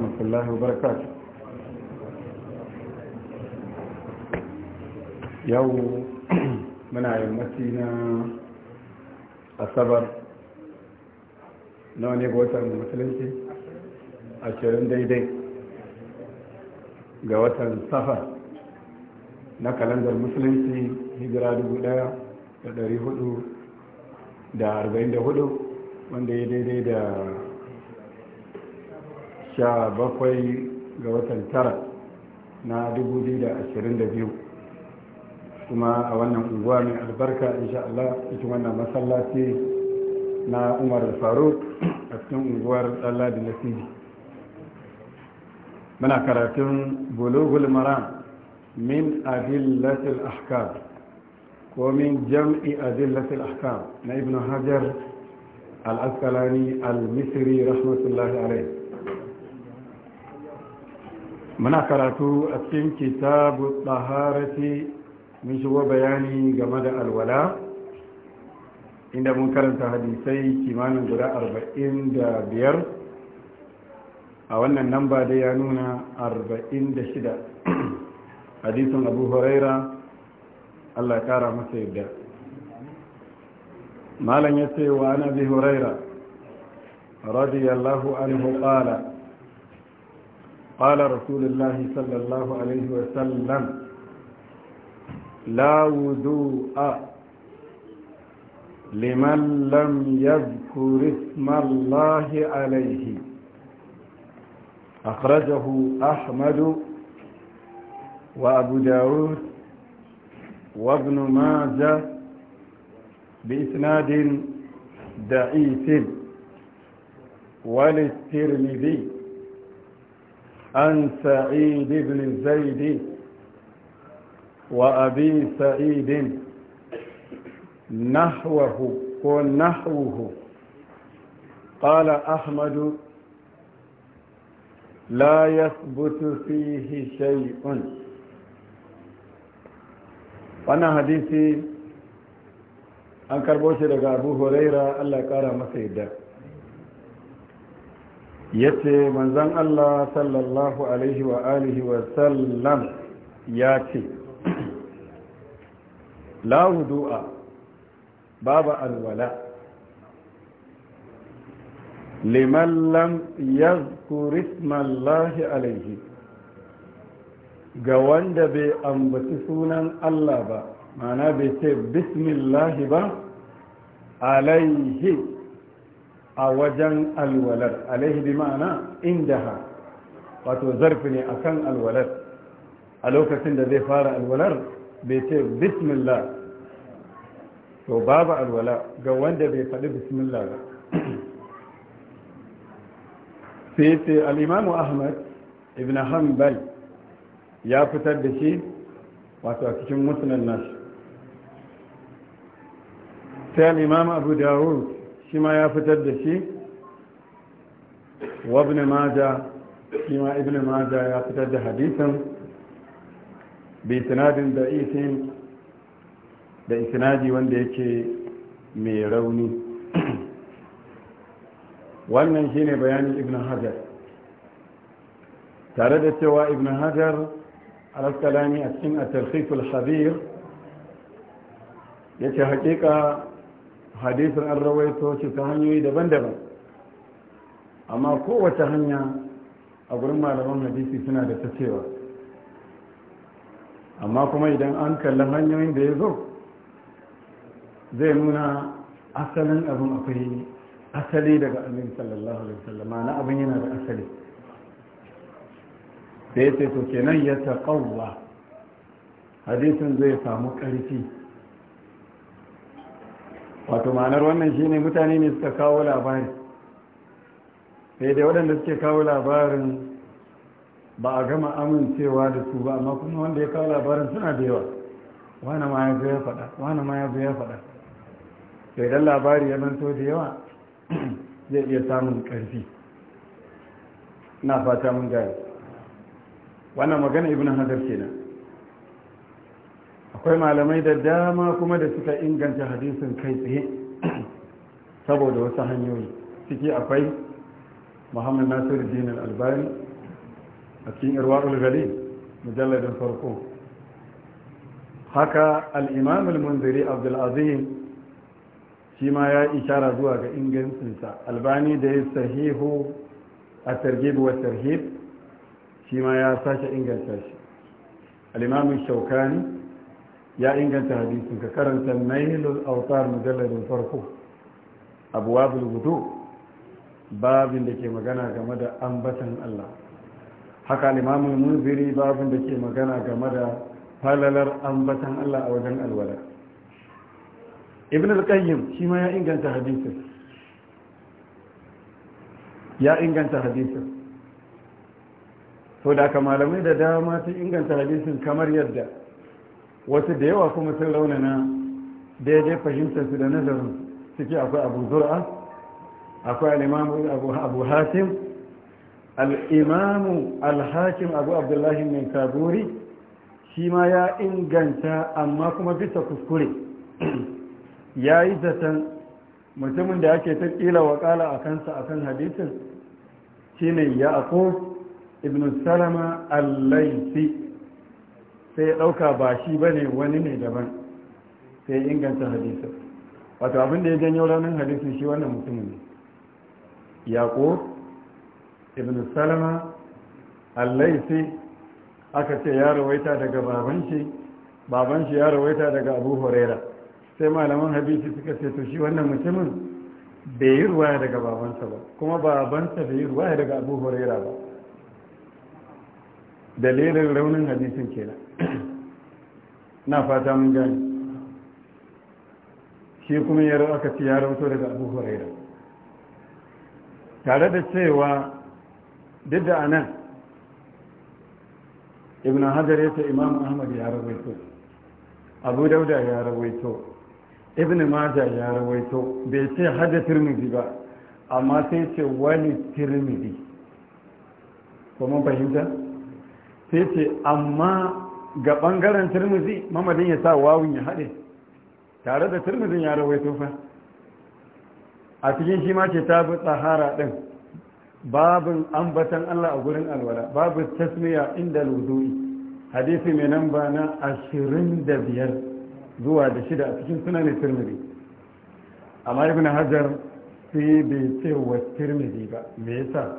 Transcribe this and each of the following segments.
Allahu barakat. Yau muna yin mati na Asabar nawa ne ga watan Musulunci? a shirin daidai ga watan Safa na kalandar Musulunci Hijira 1444 wanda ya daidai da sha bakwai ga watan tara na da biyu kuma a wannan unguwa mai albarka insha Allah cikin wannan masallaci na umar da faruk a cikin unguwar tsalla da nasiri muna karatun bulugul maram min adillatil ahkam ko min jam'i adillatil ahkam na ibn hajar al al-misri rahmatullahi alaihi muna karatu a cikin kitabu tsaharati mun shigo bayani game da alwala inda mun karanta hadisai kimanin guda arba'in da biyar a wannan namba da ya nuna arba'in da shida hadisun abu huraira allah kara masa yadda malam ya ce wa ana bi huraira radiyallahu anhu qala قال رسول الله صلى الله عليه وسلم لا وضوء لمن لم يذكر اسم الله عليه أخرجه أحمد وأبو داود وابن ماجه بإسناد ضعيف وللترمذي عن سعيد بن زيد وأبي سعيد نحوه ونحوه قال أحمد لا يثبت فيه شيء wannan hadisi an karbo shi daga abu horaira allah ƙara kara masa yadda ya ce manzan Allah sallallahu alaihi wa alihi wa sallam ya ce la wudu'a babu alwala liman lam yazkuri ismallahi alaihi ga wanda bai ambaci sunan Allah ba mana bai ce bismillahi ba alaihi a wajen alwalar alaihi bi ma'ana indaha wato zarfi ne akan alwalar a lokacin da zai fara alwalar bai ce bismillah to babu alwala ga wanda bai faɗi bismillah ba sai ce al'imamu ahmad ibn hanbal ya fitar da shi wato a cikin musulun nashi sai al'imamu abu dawud shi ma ya fitar da shi wa ibn maja shi ma ibn maja ya fitar da hadisin bi sanadin da isin da isnadi wanda yake mai rauni wannan shine bayanin ibn hajar tare da cewa ibn hajar alaskalami a cikin a tarfikul habir ya ce hakika hadisin an rawaito ta hanyoyi daban-daban amma kowace hanya a gurin malaman hadisi suna da ta cewa amma kuma idan an kalli hanyoyin da ya zo zai nuna asalin abin akwai asali daga amin sallallahu alaihi wasallama na abin yana da asali da ya ce to kenan ya taƙawwa hadisin zai samu ƙarfi wato ma'anar wannan shine mutane ne suka kawo labari sai da waɗanda suke kawo labarin ba a gama amincewa da su ba amma kuma wanda ya kawo labarin suna da yawa wane ma ya zo ya faɗa wane ma ya zo ya faɗa sai dan labari ya manto da yawa zai iya samun ƙarfi na fata mun gari wannan magana ibn hazar kenan akwai malamai da dama kuma da suka inganta hadisin kai tsaye saboda wasu hanyoyi ciki akwai muhammad nasiru dinar albani a cikin irwarul gali mujalladin farko haka al'imam al-munziri abdulazim shi ma ya ishara zuwa ga ingancinsa albani da ya sahihu a targhib wa tarhib shi ma ya sake inganta shi al shaukani ya inganta hadisin ka karanta nailul autar mujalladin farko abuwabul wudu babin da ke magana game da ambatan Allah haka limamin munziri babin da ke magana game da falalar ambatan Allah a wajen alwala ibn al-qayyim shi ma ya inganta hadisin ya inganta hadisin so da ka malamai da dama sun inganta hadisin kamar yadda wasu da yawa kuma sun na daidai fahimtar su da nazarin suke akwai abu zura akwai al'imamu abu hatim al'imamu al-hakim abu abdullahi mai kaburi shi ma ya inganta amma kuma bisa kuskure ya yi zaton mutumin da ake ta ƙila waƙala a kansa a kan hadisin shi ne ya ibn salama al-laifi sai ya ɗauka ba shi ba ne wani ne daban sai ya inganta hadisa wato abin da ya janyo ranar hadisi shi wannan mutumin ne yaƙo ibn salama allai sai aka ce ya rawaita daga baban shi baban shi ya rawaita daga abu horera sai malaman hadisi suka ce to shi wannan mutumin bai yi ruwaya daga babansa ba kuma babansa bai yi ruwaya daga abu horera ba dalilin raunin hadisin kenan na fata mun gani shi kuma ya aka ci ya rauto daga abu huraira tare da cewa duk da anan ibn hajar ya ce imam ahmad ya rawaito abu dauda ya rawaito ibn maja ya rawaito bai ce hada tirmidhi ba amma sai ce wani tirmidhi kuma fahimta sai ce amma ga ɓangaren turmuzi mamadin ya sa wawun ya haɗe tare da turmuzin ya rawaito fa a cikin shi ma ce ta bi tsahara ɗin babin ambatan Allah a gurin alwala babu tasmiya inda luzuyi hadisi mai nan ba na ashirin da biyar zuwa da shida a cikin suna ne turmuzi amma ibn hajar sai bai ce wa turmuzi ba me yasa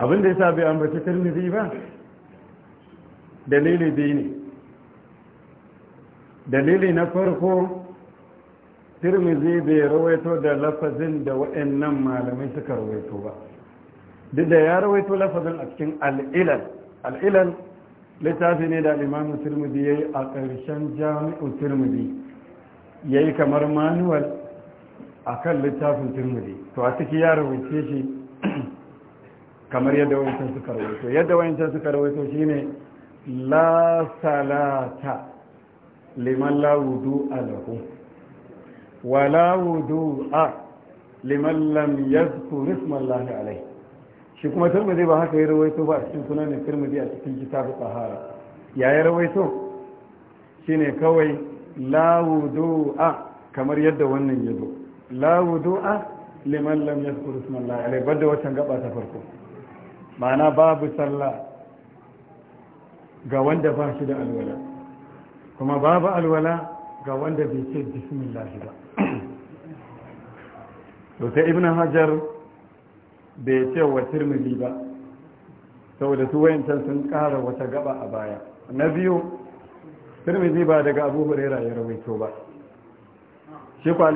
abinda ya sa bai ambaci tirmidhi ba dalili biyu ne dalili na farko tirmidhi bai rawaito da lafazin da waɗannan malamai suka rawaito ba duk da ya rawaito lafazin a cikin al'ilal al'ilal littafi ne da imamu tirmidhi ya yi a ƙarshen jami'u tirmidhi ya yi kamar manuwal a kan littafin tirmidhi to a ciki ya rawaice shi kamar yadda wancan suka rawaito yadda wancan suka rawaito shine la salata liman la wudu alahu wa la a liman lam yadhkur isma Allah shi kuma Tirmidhi ba haka ya rawaito ba a cikin sunan Tirmidhi a cikin kitabu Tahara ya ya rawaito shine kawai la a kamar yadda wannan yazo la a liman lam yadhkur isma Allah alayhi bada wata gaba ta farko ma'ana babu sallah ga wanda ba shi da alwala kuma babu alwala ga wanda bai ce bismillah ba to sai ibn hajar bai ce wa tirmidhi ba saboda su wayancan sun kara wata gaba a baya na biyu tirmidhi ba daga abu huraira ya rawaito ba shi kwa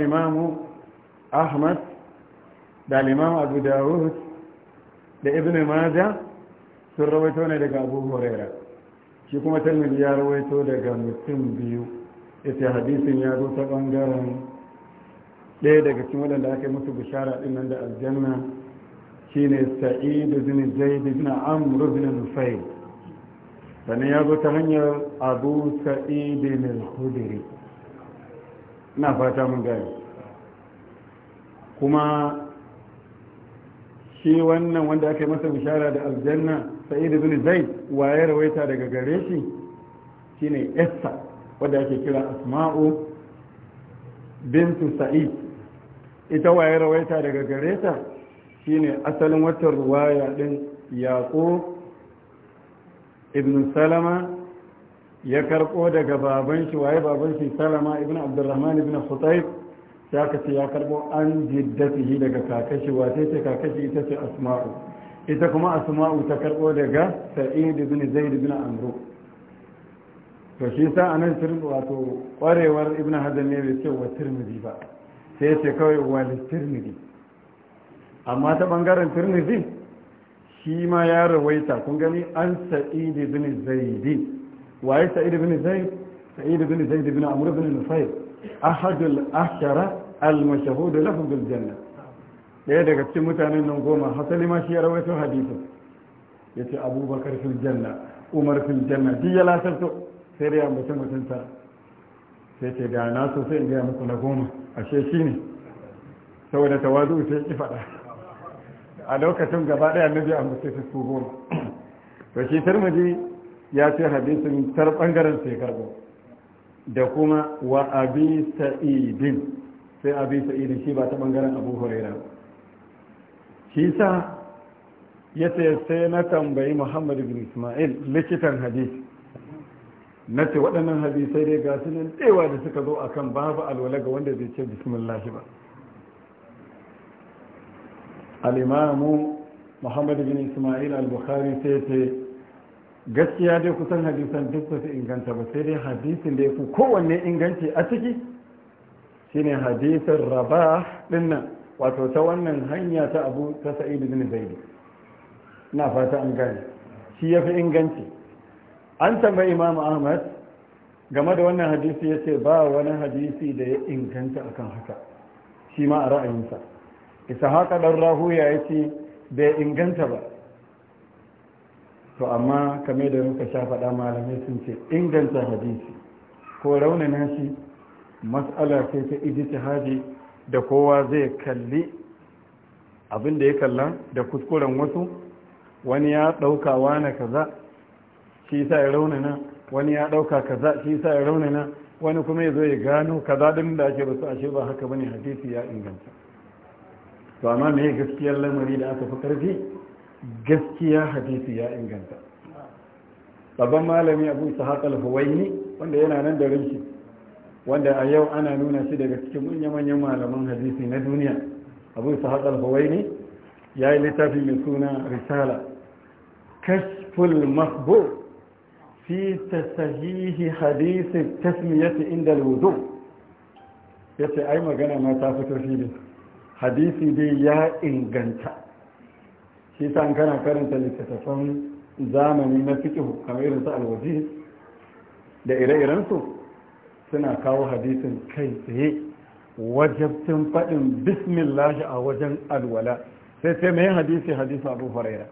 ahmad da limamu abu dawud da ibn maja sun rawaito ne daga abu huraira shi kuma talmud ya rawaito daga mutum biyu ita hadisin ya zo ta bangaren ɗaya daga cikin waɗanda aka yi musu bishara ɗin nan da aljanna shine sa'id ibn zaid ibn amr ibn nufayl sannan ya zo ta hanyar abu sa'id al-khudri na fata mun gani kuma shi wannan wanda aka yi masa bishara da aljanna sa'id ibn zaid wa ya rawaita daga gare shi shine essa wanda ake kira asma'u bintu sa'id ita wa ya rawaita daga gare ta shine asalin wata ruwaya din yaqo ibn salama ya karko daga baban shi waye baban shi salama ibn abdurrahman ibn khutayb Ya kace ya karbo an jiddatihi daga kakashi wace ce kakashi ita ce asma'u ita kuma asma'u ta karbo daga sa'id ibn zaid ibn amru to shi sa anan turin wato kwarewar ibn hazan ne bai ce wa tirmidhi ba sai ya ce kawai wa tirmidhi amma ta bangaren tirmidhi shi ma ya rawaita kun gani an sa'id ibn zaid waye sa'id ibn zaid sa'id ibn zaid ibn amru ibn nufayl ahadul ashara al-mashhudu lahum bil janna daya daga cikin mutanen nan goma hasali ma shi ya rawaito hadisin yace abubakar fil janna umar fil janna duk ya lasarto sai dai ambace mutunta sai ce da na so sai in gaya muku na goma ashe shi ne saboda tawazu sai ki faɗa a lokacin gaba ɗaya annabi ambace su su goma to shi tarmaji ya ce hadisin tar bangaren sai karbo da kuma wa abi sa'idin sai abi da shi ba ta bangaren abu huraira shi sa ya ce sai na tambayi muhammad bin ismail likitan hadisi na ce waɗannan hadisai dai ga su nan tsewa da suka zo a kan babu alwala ga wanda zai ce bismillah ba al'imamu muhammad bin ismail al-bukhari sai ce gaskiya dai kusan hadisan duk su inganta ba sai dai hadisin da ya fi kowanne inganci a ciki shine hadisin rabah dinnan wato ta wannan hanya ta abu ta sa'id bin zaidi na fata an gane shi yafi inganci an tambayi imam ahmad game da wannan hadisi yace ba wani hadisi da ya inganta akan haka shi ma a ra'ayinsa isa haka dan rahuya yace bai inganta ba to amma kame da muka sha faɗa malamai sun ce inganta hadisi ko raunana shi mas'ala sai ta ijtihadi da kowa zai kalli abin da ya kalla da kuskuren wasu wani ya dauka wani kaza shi sa ya raunana wani ya dauka kaza shi sa ya raunana wani kuma ya zo ya gano kaza din da ake rasu ashe ba haka bane hadisi ya inganta to amma me gaskiyar lamari da aka fi karfi gaskiya hadisi ya inganta babban malami abu ishaq al-huwaini wanda yana nan da rinshi wanda a yau ana nuna shi daga cikin manya-manyan malaman hadisi na duniya abu su haƙar hawaii ya yi littafi mai suna risala kashful mahbo fi ta sahihi hadisi tasmiyati inda ludo ya ce ai magana ma ta fito shi hadisi dai ya inganta shi ta kana karanta littattafan zamani na fikihu kamar su alwazi da ire-irensu suna kawo hadisin kai tsaye wajabcin faɗin bismillah a wajen alwala sai sai mai hadisi hadisi abu faraira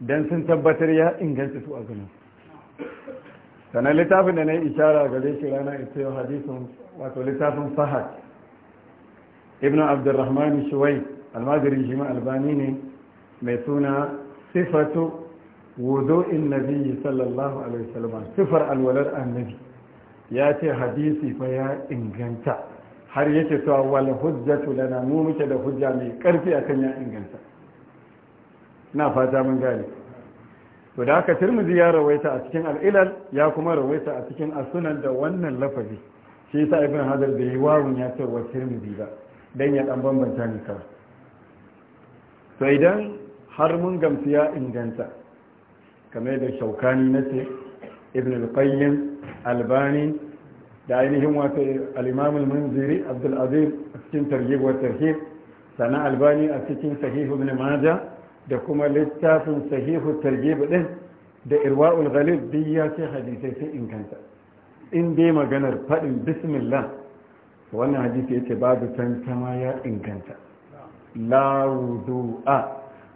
don sun tabbatar ya inganta su a ganin sannan littafin da na yi ishara gare shi rana ita yau hadisin wato littafin fahad ibn abdurrahman shuwai almajirin jima albani ne mai suna sifatu wudu'in nabiyyi sallallahu alaihi wasallam sifar alwalar annabi ya ce hadisi fa ya inganta har yake cewa wal hujjatu lana mu muke da hujja mai karfi akan ya inganta na fata mun gane to da aka Tirmidhi ya rawaita a cikin al-Ilal ya kuma rawaita a cikin as-Sunan da wannan lafazi shi yasa Ibn Hajar bai warun ya ce wa Tirmidhi ba dan ya dan bambanta ni ka to idan har mun gamsu ya inganta kamar da Shaukani nace Ibn al-Qayyim albani da ainihin wato al-imam al a cikin tarjih wa tarhib sana albani a cikin sahih ibn majah da kuma littafin sahihu tarjih din da irwaul ghalib duk ya ce hadisai sai inganta in dai maganar fadin bismillah wannan hadisi yace babu tantama ya inganta la wudu'a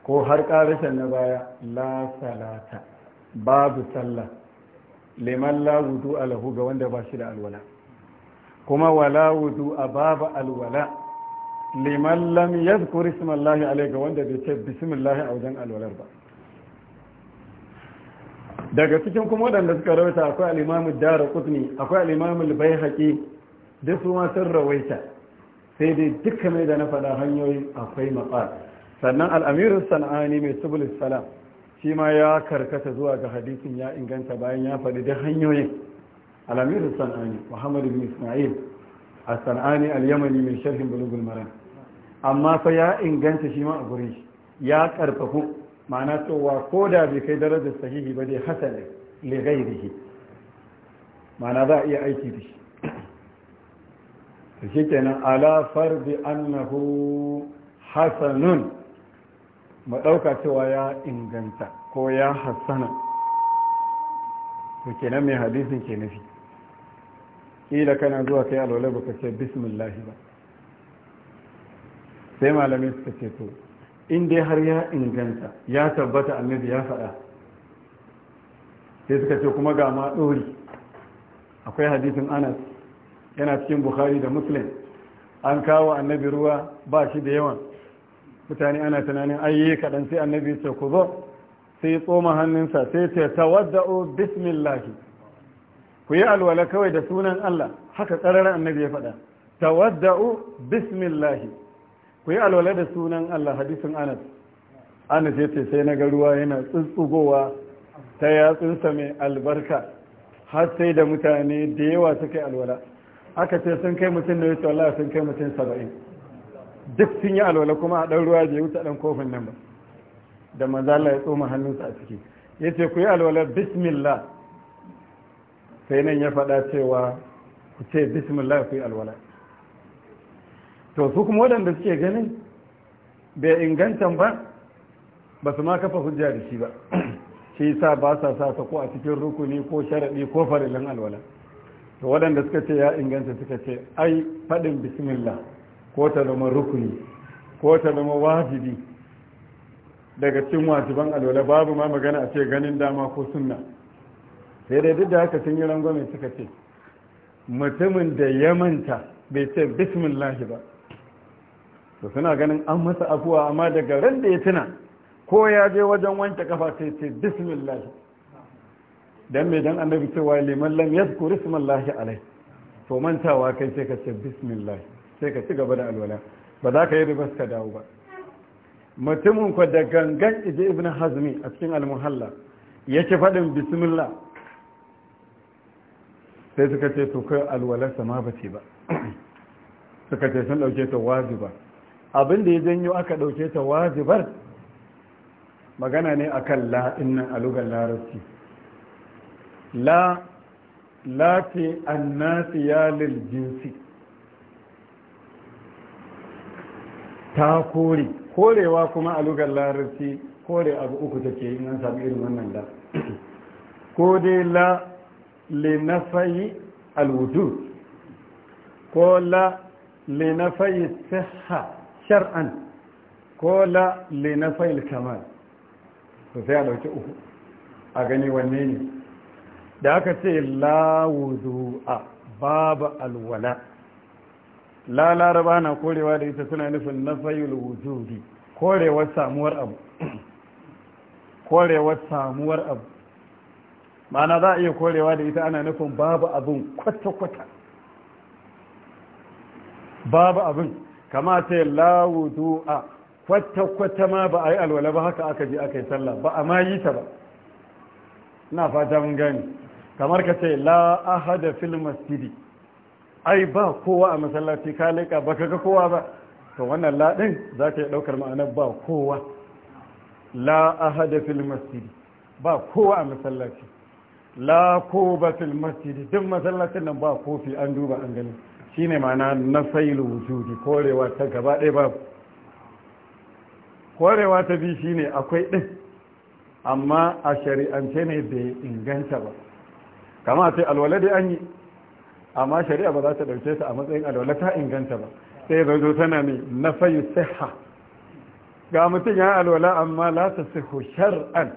ko har karishan na baya la salata babu sallah liman la wudu alahu ga wanda ba shi da alwala kuma wala wudu a babu alwala liman lam yadhkur ismallahi alayhi ga wanda bai ce bismillahi a wajen alwalar ba daga cikin kuma waɗanda suka rawaita akwai al-imamu Daraqutni akwai al-imamu al-Baihaqi duk su ma sun rawaita sai dai dukkan mai da na faɗa hanyoyi akwai maqal sannan al sana'ani mai subul salam shi ma ya karkata zuwa ga hadisin ya inganta bayan ya faɗi da hanyoyin alamiru san'ani Muhammadu bin ismail a san'ani al-yamani mai sharhin bulugul maran amma fa ya inganta shi ma a gurin ya karfafu ma'ana cewa ko da bai kai darajar sahihi ba dai hasan li ghairihi ma'ana za a iya aiki da shi shi kenan ala farbi annahu hasanun mu cewa ya inganta ko ya hassana to kenan mai hadisin ke nufi ƙila kana zuwa kai alwala baka ce bismillahi ba sai malamai suka ce to in dai har ya inganta ya tabbata annabi ya faɗa sai suka ce kuma ga ma ɗori akwai hadisin anas yana cikin bukhari da muslim an kawo annabi ruwa ba shi da yawan mutane ana tunanin ayi kaɗan sai annabi ce ku zo sai ya tsoma hannunsa sai ce tawadda'u bismillahi ku yi alwala kawai da sunan Allah haka tsararar annabi ya faɗa tawadda'u bismillahi ku yi alwala da sunan Allah hadisin Anas Anas yace sai na ga ruwa yana tsutsugowa ta yatsunsa mai albarka har sai da mutane da yawa suka yi alwala aka ce sun kai mutum ya ce wallahi sun kai mutum saba'in duk sun yi alwala kuma a ɗan ruwa bai wuce ɗan kofin nan ba da manzala ya tsoma hannunsa a ciki ya ce ku yi alwala bismillah sai nan ya faɗa cewa ku ce bismillah ku yi alwala to su kuma waɗanda suke ganin bai ingantan ba ba su ma kafa hujja da shi ba shi sa ba sa sa ko a cikin rukuni ko sharaɗi ko farilan alwala to waɗanda suka ce ya inganta suka ce ai faɗin bismillah ko ta zama rukuni ko ta zama wajibi daga cikin wajiban alwala babu ma magana a ce ganin dama ko sunna sai dai duk da haka sun yi rangwame suka ce mutumin da ya manta bai ce bismillah ba to suna ganin an masa afuwa amma daga ran da ya tuna ko ya je wajen wanke kafa sai ce bismillah dan mai dan annabi cewa liman lam yadhkur ismallahi alai to mantawa kai sai ka ce bismillah sai ka ci gaba da alwala ba za ka yi ribas ka dawo ba mutumin ku da gangan ije ibn hazmi a cikin almuhalla ya ci faɗin bismillah sai suka ce to kai alwalarsa ma ba ce ba suka ce sun ɗauke ta wajiba abin da ya janyo aka ɗauke ta wajibar magana ne a kan la'in nan a lugar larabci la lati annasi ya lil jinsi ta kore korewa kuma a lugar larabci kore abu uku take yi nan sami irin wannan da ko dai la le na fayi alwudu ko la le na fayi siha shar'an ko la le na fayi kamal to sai a dauki uku a gani wanne ne da aka ce la a babu alwala la laraba na korewa da ita suna nufin na fayil wujudi korewar samuwar abu korewar samuwar abu ma'ana za a iya korewa da ita ana nufin babu abin kwata-kwata babu abin kama ce la a kwata-kwata ma ba a yi alwala ba haka aka je aka yi sallah ba a ma yi ta ba ina fata mun gani kamar ka ce la ahada fil masjidi ai ba kowa a masallaci ka leƙa ba ka ga kowa ba to wannan la din za ta yi ɗaukar ma'anar ba kowa la ahada fil masjid ba kowa a masallaci la kuba fil masjid din masallacin nan ba kofi an duba an gani shine ma'ana na sailu wujudi korewa ta gaba ɗaya babu korewa ta bi shine akwai ɗin amma a shari'ance ne bai inganta ba kama sai alwala an yi amma shari'a ba za ta ɗauke ta a matsayin alwala ta inganta ba sai ya zo tana ne na fayu siha ga mutum ya alwala amma la ta sihu shar'an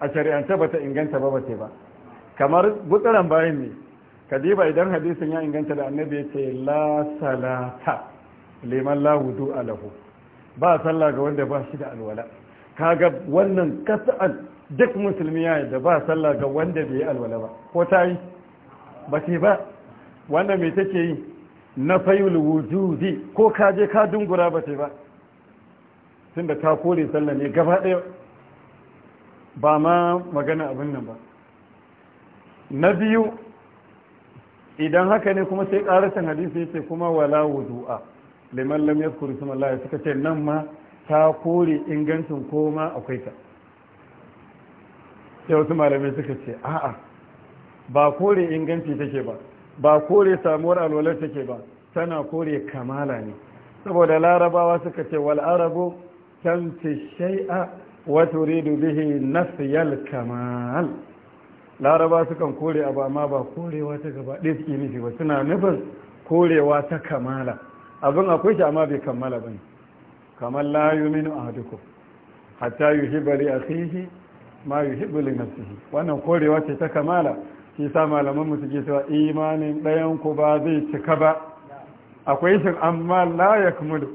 a shari'anta ba ta inganta ba bace ba kamar gutsaran bayan ne kadiba idan hadisin ya inganta da annabi ya ce la salata liman la wudu alahu ba sallah ga wanda ba shi da alwala kaga wannan kasa'an duk musulmi ya da ba sallah ga wanda bai alwala ba ko ta yi ba wanda mai take yi na fayul wujudi ko ka je ka dungura ba ce ba tunda ta kore sallah ne gaba ɗaya ba ma magana abin nan ba na biyu idan haka ne kuma sai ƙarashin hadisi ce kuma wala wudu'a liman lam yadhkur isma suka ce nan ma ta kore ingancin koma akwai ta sai wasu malamai suka ce a'a ba kore inganci take ba ba kore samuwar alwalar take ba tana kore kamala ne saboda larabawa suka ce wal arabu tanfi shay'a wa turidu bihi nafyal kamal laraba sukan kore abu amma ba korewa ta gaba ɗaya suke nufi ba suna nufin korewa ta kamala abin akwai shi amma bai kammala ba ne kamar la a duku hatta bari a akhihi ma yuhibbu li nafsihi wannan korewa ce ta kamala shi sa malaman mu suke cewa imanin ɗayan ku ba zai cika ba akwai shin amma la yakmulu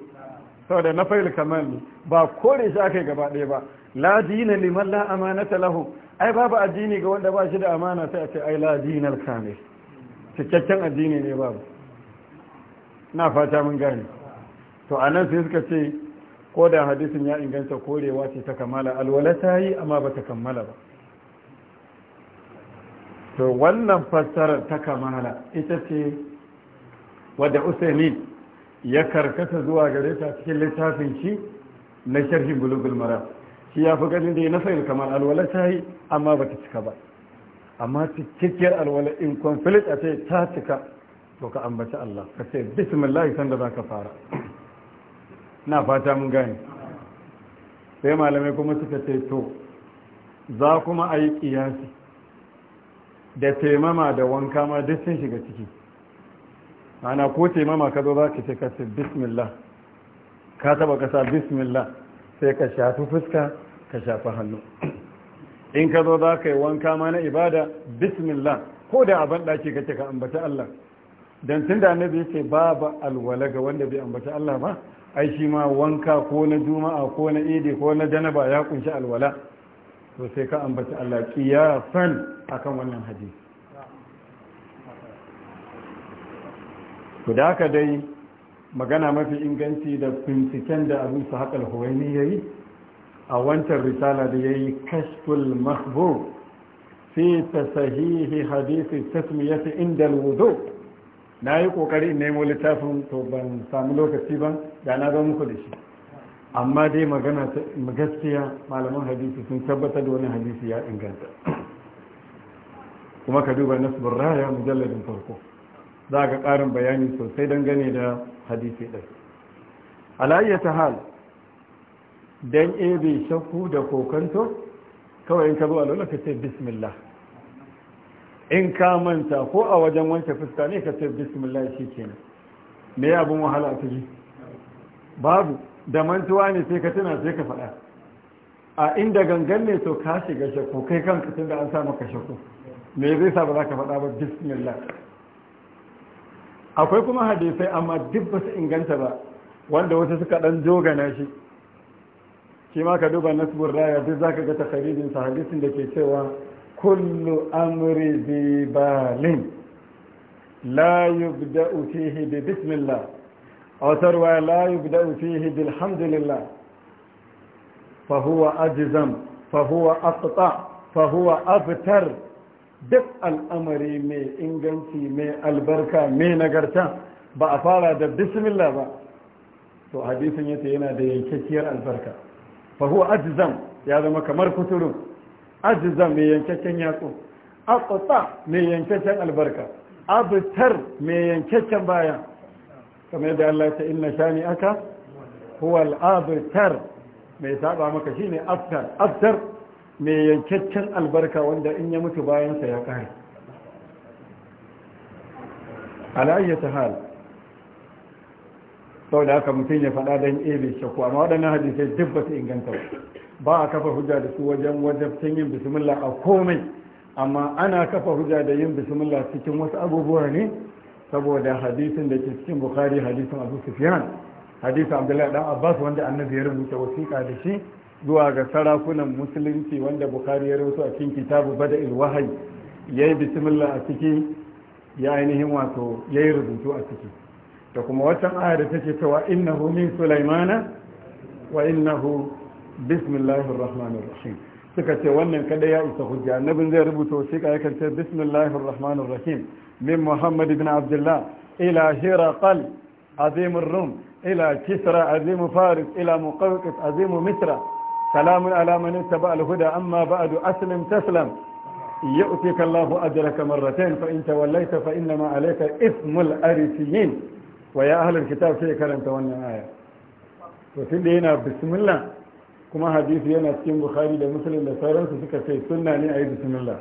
saboda na fa'il kamal ne ba kore shi akai gaba ɗaya ba la dina liman la amanata lahu ai babu addini ga wanda ba shi da amana sai a ce ai la dinal kamil cikakken addini ne babu na fata mun gane to anan sai suka ce ko da hadisin ya inganta korewa ce ta kammala alwala ta yi amma ba ta kammala ba to wannan fassarar ta kamala ita ce wadda usaini ya karkata zuwa gare ta cikin littafin shi na sharhin bulugul mara shi ya fi ganin da ya nasa yin kamar alwala ta yi amma ba ta cika ba amma cikakkiyar alwala in conflict a ce ta cika to ka ambaci Allah ka ce bismillah san da za ka fara na fata mun gane sai malamai kuma suka ce to za kuma a yi kiyasi da taimama da wanka ma duk sun shiga ciki ana ko taimama ka zo za ka ce ka ce bismillah ka taba kasa bismillah sai ka shafi fuska ka shafi hannu in ka zo za ka yi wanka ma na ibada bismillah ko da abin ɗaki ce ka ambata Allah don tun da annabi ce babu alwala ga wanda bai ambata Allah ba ai shi ma wanka ko na juma'a ko na idi ko na janaba ya kunshi alwala to sai ka ambaci Allah kiyasan akan wannan hadisi to da dai magana mafi inganci da binciken da abin su haƙar huwaini ya yi a wancan risala da ya yi kashful mahbub fi tasahihi hadisi tasmiyati inda alwudu na yi ƙoƙari in nemo littafin to ban samu lokaci ba da na zo muku da shi amma dai magana ta gaskiya malaman hadisi sun tabbatar da wani hadisi ya inganta kuma ka duba nasibin raya mujalladin farko za ga ƙarin bayani sosai dangane da hadisi ɗin alayyata hal don ebe shakku da kokanto kawai in ka zo a lola ka ce bismillah in ka manta ko a wajen wanke fuska ne ka ce bismillah shi kenan me abin wahala ta ji babu da mantuwa ne sai ka tuna sai ka faɗa a inda gangan ne to ka shiga shakku kai kanka tunda an sa maka shakku me zai sa ba za ka faɗa ba bismillah akwai kuma hadisai amma duk ba su inganta ba wanda wasu suka ɗan na shi shi ma ka duba nasbur raya duk za ka ga takaridin sa hadisin da ke cewa kullu amri bi balin la yubda'u fihi bi bismillah a wata ruwa la yubda'u fihi bilhamdulillah fa huwa ajzam fa huwa aqta duk al'amari mai inganci mai albarka mai nagarta ba a fara da bismillah ba to hadisin yace yana da yankakkiyar albarka fa huwa ya zama kamar kuturun ajzam mai yankakken yatsu aqta mai yankakken albarka abtar mai yankakken baya kamar da Allah ta inna shani aka huwa abtar mai saba maka shine aftar aftar mai yankaccen albarka wanda in ya mutu bayansa ya kare ta hal sau da aka mutum ya faɗa don ebe shakku amma waɗannan hadisai duk ba su inganta ba a kafa hujja da su wajen wajabtan yin bismillah a komai amma ana kafa hujja da yin bismillah cikin wasu abubuwa ne saboda hadisin da ke cikin bukhari hadisin abu sufyan hadisin abdullahi dan abbas wanda annabi ya rubuta wasiƙa da shi zuwa ga sarakunan musulunci wanda bukhari ya rubuta a cikin kitabu bada bada'il wahayi yayi bismillah a ciki ya ainihin wato yayi rubutu a ciki da kuma wata aya da take cewa innahu min sulaimana wa innahu bismillahir rahmanir rahim suka ce wannan kada ya isa hujja annabin zai rubuta wasiƙa yakan ce bismillahir rahmanir rahim من محمد بن عبد الله إلى هرقل عظيم الروم إلى كسرى عظيم فارس إلى مقوقس عظيم مصر سلام على من اتبع الهدى أما بعد أسلم تسلم يؤتيك الله أجرك مرتين فإن توليت فإنما عليك إثم الأرسيين ويا أهل الكتاب شيء كرمت وانا آية وتدي هنا بسم الله كما حديثي أنا سكين بخاري لمسلم لسارنس سكا في سنة أي بسم الله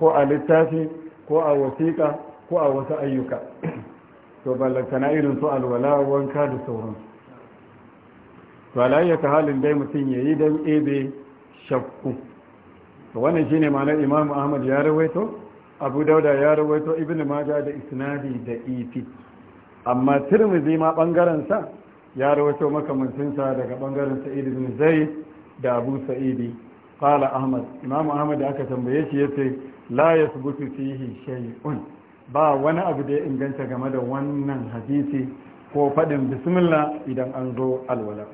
كو على التافي كو على وثيقة ko a wasu ayyuka to na irin su alwala wanka da sauran to alayyata halin dai mutum ya yi don ebe shakku to wannan shine ma'anar imam ahmad ya rawaito abu dauda ya rawaito ibn majah da isnadi da ifi amma tirmidhi ma bangaren sa ya rawaito makamancin sa daga bangaren sa ibn zaid da abu sa'idi qala ahmad imam ahmad da aka tambaye shi yace la yasbutu fihi shay'un ba wani abu da ya inganta game da wannan hadisi ko faɗin bismillah idan an zo alwala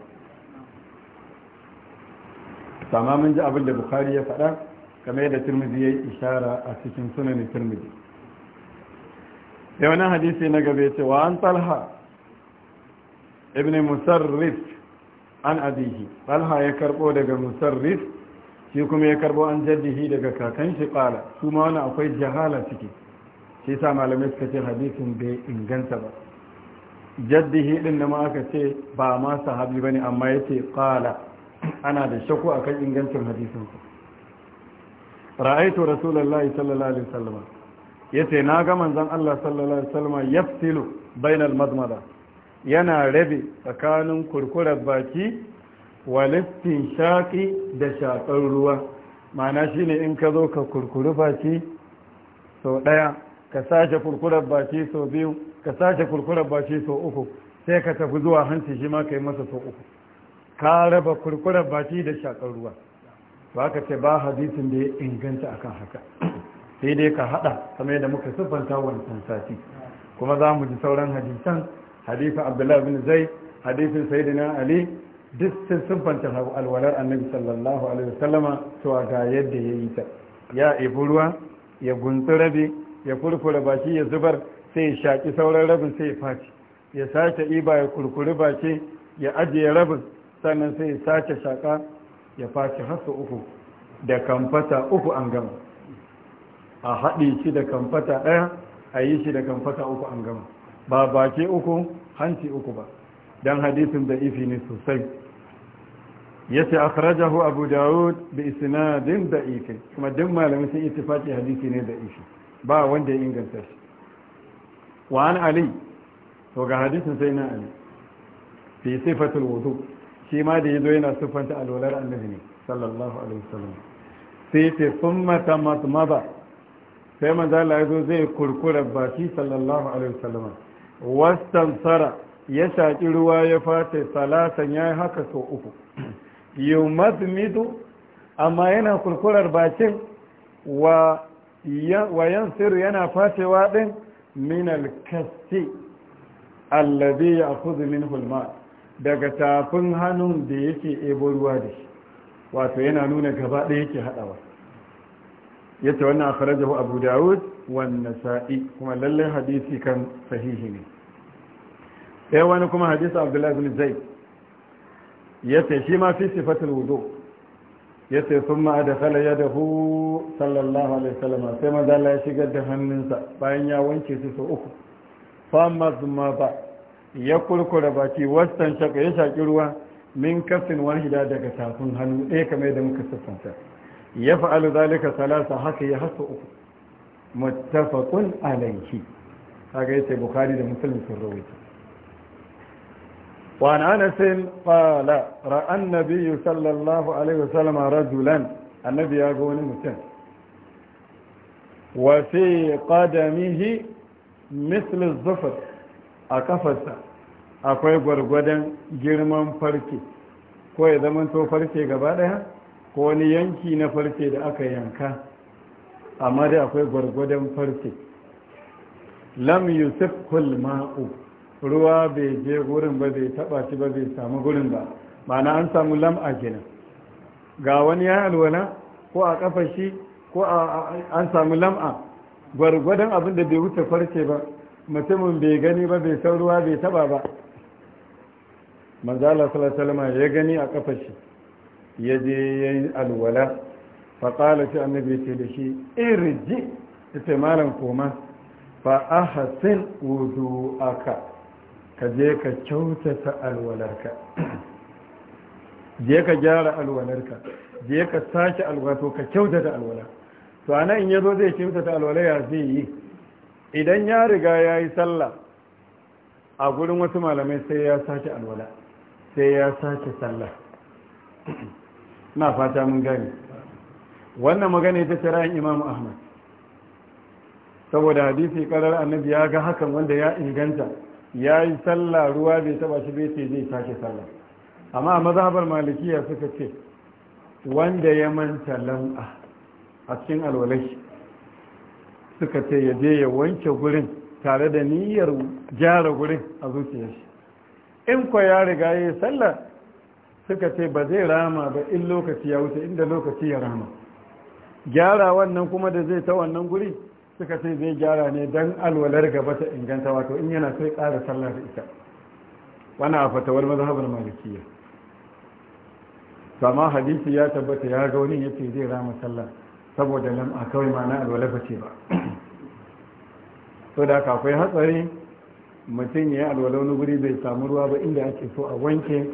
sama mun ji abin da bukari ya faɗa game da turmizi ya yi ishara a cikin sunanin turmizi da wani hadisi na gabe ce wa an talha ibn musarrif an abihi talha ya karɓo daga musarrif shi kuma ya karɓo an jaddihi daga kakan shi kala su ma wani akwai jahala ciki shi sa malamai suka ce hadisin bai inganta ba Jaddi hidin da ma aka ce ba ma sahabi ne amma yace kala ana da shakku akan ingancin hadisin sa ra'aytu rasulullahi sallallahu alaihi wasallam ce na ga manzon Allah sallallahu alaihi wasallam yafsilu bainal madmada yana rabe tsakanin kurkurar baki walistin shaki da shakar ruwa ma'ana shine in ka zo ka kurkuri baki sau ɗaya. ka sake kurkurar baki sau biyu ka sake kurkurar baki sau uku sai ka tafi zuwa hanci shi ma ka yi masa sau uku ka raba kurkurar baki da shakar ruwa ba ka ce ba hadisin da ya inganta akan haka sai dai ka haɗa kamar yadda muka siffanta wancan sati kuma za mu ji sauran hadisan hadisin abdullahi bin zai hadisin sayyidina ali duk sun siffanta alwalar annabi sallallahu alaihi wasallama to ga yadda ya yi ta ya ibi ruwa ya gunsu rabe ya kurkure baki ya zubar sai ya shaƙi sauran rabin sai ya faci ya sace iba ya kurkuri baki ya ajiye rabin sannan sai ya sace shaƙa ya faci hasu uku da kamfata uku an gama a haɗi shi da kamfata ɗaya a yi shi da kamfata uku an gama ba baki uku hanci uku ba don hadisin da ifi ne sosai ya ce akhrajahu abu dawud bi isnadin da ifi kuma duk malamin sun ittifaqi hadisi ne da ifi ba wanda ya inganta shi wa an ali to ga hadisin sai na ali fi sifatul wudu shi ma da yazo yana sifanta alwalar annabi ne sallallahu alaihi wasallam sai ce thumma tamatmaba sai manzo Allah yazo zai kurkura baki sallallahu alaihi wasallam wastansara ya shaki ruwa ya fata salatan yayi haka so uku yumadmidu amma yana kurkurar bakin wa wayan sir yana fatewa din min alkasti ya ya'khudhu minhu alma daga tafin hannun da yake ebo ruwa da shi wato yana nuna gaba ɗaya yake haɗawa yace wannan akhrajahu abu daud wan nasa'i kuma lalle hadisi kan sahihi ne sai wani kuma hadisi abdullahi bin zaid yace shi ma fi sifatul wudu' ya ce sun ma da kala ya dahu sallallahu alaihi wasallam sai maza Allah ya shigar da hannunsa bayan ya wanke su sau uku fama zuma ba ya kurkura baki wastan shaka ya shaki ruwa min kafin wahida daga tafin hannu ɗaya kamar da muka sassanta ya fa'alu zalika salasa haka ya hasu uku muttafaqun alayhi kaga yace bukhari da muslim sun rawaito وعن أنس قال رأى النبي صلى الله عليه وسلم رجلا النبي يقول مسلم وفي قدمه مثل الزفر أكفت akwai gwargwadon girman farce ko ya zama to farce gaba daya ko wani yanki na farce da aka yanka amma dai akwai gwargwadon farce lam yusuf kulma'u ruwa bai je gurin ba bai taba shi ba bai samu gurin ba mana an samu lam'a kenan ga wani ya alwala ko a kafa shi ko an samu lam'a gwargwadon abin da bai wuce farce ba mutumin bai gani ba bai san ruwa bai taba ba manzala salama ya gani a kafa shi ya je ya yi alwala faƙala shi annabi ce da shi irji ita malam koma fa hasin wudu aka ka je ka kyautata alwalarka je ka gyara alwalarka je ka sake alwala to ka kyautata alwala to anan in yazo zai kyautata alwala ya zai yi idan ya riga ya yi sallah a gurin wasu malamai sai ya sake alwala sai ya sake sallah na fata mun gani wannan magana ita ce ra'ayin imamu ahmad saboda hadisi karar annabi ya ga hakan wanda ya inganta ya yi sallah ruwa bai taba shi bai ce zai sake sallah amma a mazhabar malikiya suka ce wanda ya manta lam'a a cikin alwalai suka ce ya je ya wanke gurin tare da niyyar gyara gurin a zuciyar shi in kwa ya riga ya yi sallah suka ce ba zai rama ba in lokaci ya wuce inda lokaci ya rama gyara wannan kuma da zai ta wannan guri suka ce zai gyara ne don alwalar gaba ta inganta wato in yana sai ƙara sallah da ita wani a fatawar mazhabar malikiya sama hadisi ya tabbata ya ga wani yace zai rama sallah saboda nan a kawai ma na alwalar ba ce ba so da akwai hatsari mutum ya yi alwala wani guri bai samu ruwa ba inda ake so a wanke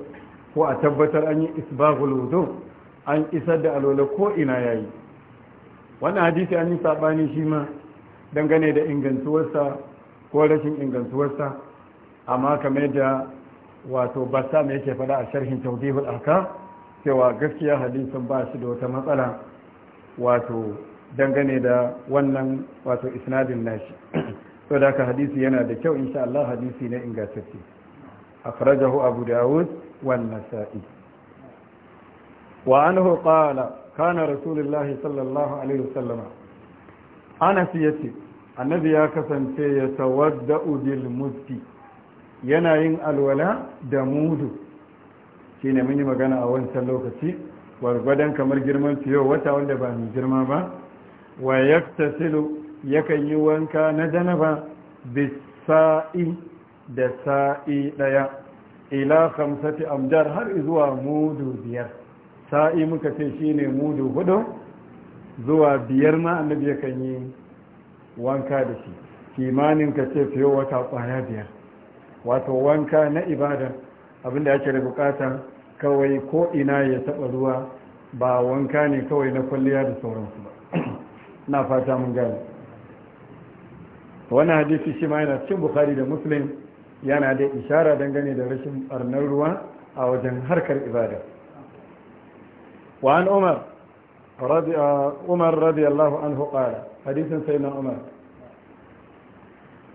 ko a tabbatar an yi isbahul wudu an isar da alwala ko ina yayi wannan hadisi an yi saɓani shi ma dangane da ingantuwarsa ko rashin ingantuwarsa amma kamar da wato basa mai yake fada a sharhin tawdihul aka cewa gaskiya hadisin ba shi da wata matsala wato dangane da wannan wato isnadin nashi So da hadisi yana da kyau insha Allah hadisi na ingantacce akhrajahu abu dawud wan nasa'i wa anhu qala kana rasulullahi sallallahu alaihi wasallam anas yace annabi ya kasance ya tawadda udil musti yana yin alwala da mudu shi ne mun yi magana a wancan lokaci gwargwadon kamar girman fiye wata wanda ba mai girma ba wa ya yakan yi wanka na janaba bisa'i da sa'i daya ila kamsati amjar har zuwa mudu biyar sa'i muka ce shi ne mudu hudu zuwa biyar ma annabi yakan yi wanka da shi kimanin ka ce fiye wata kwana biyar wato wanka na ibada abinda ake da bukata kawai ko ina ya taba ruwa ba wanka ne kawai na kwalliya da sauransu ba na fata mun gani wannan hadisi shi ma yana cikin bukari da muslim yana da ishara dangane da rashin barnar ruwa a wajen harkar ibada wa an umar Umar رضي الله hadisin sai na umar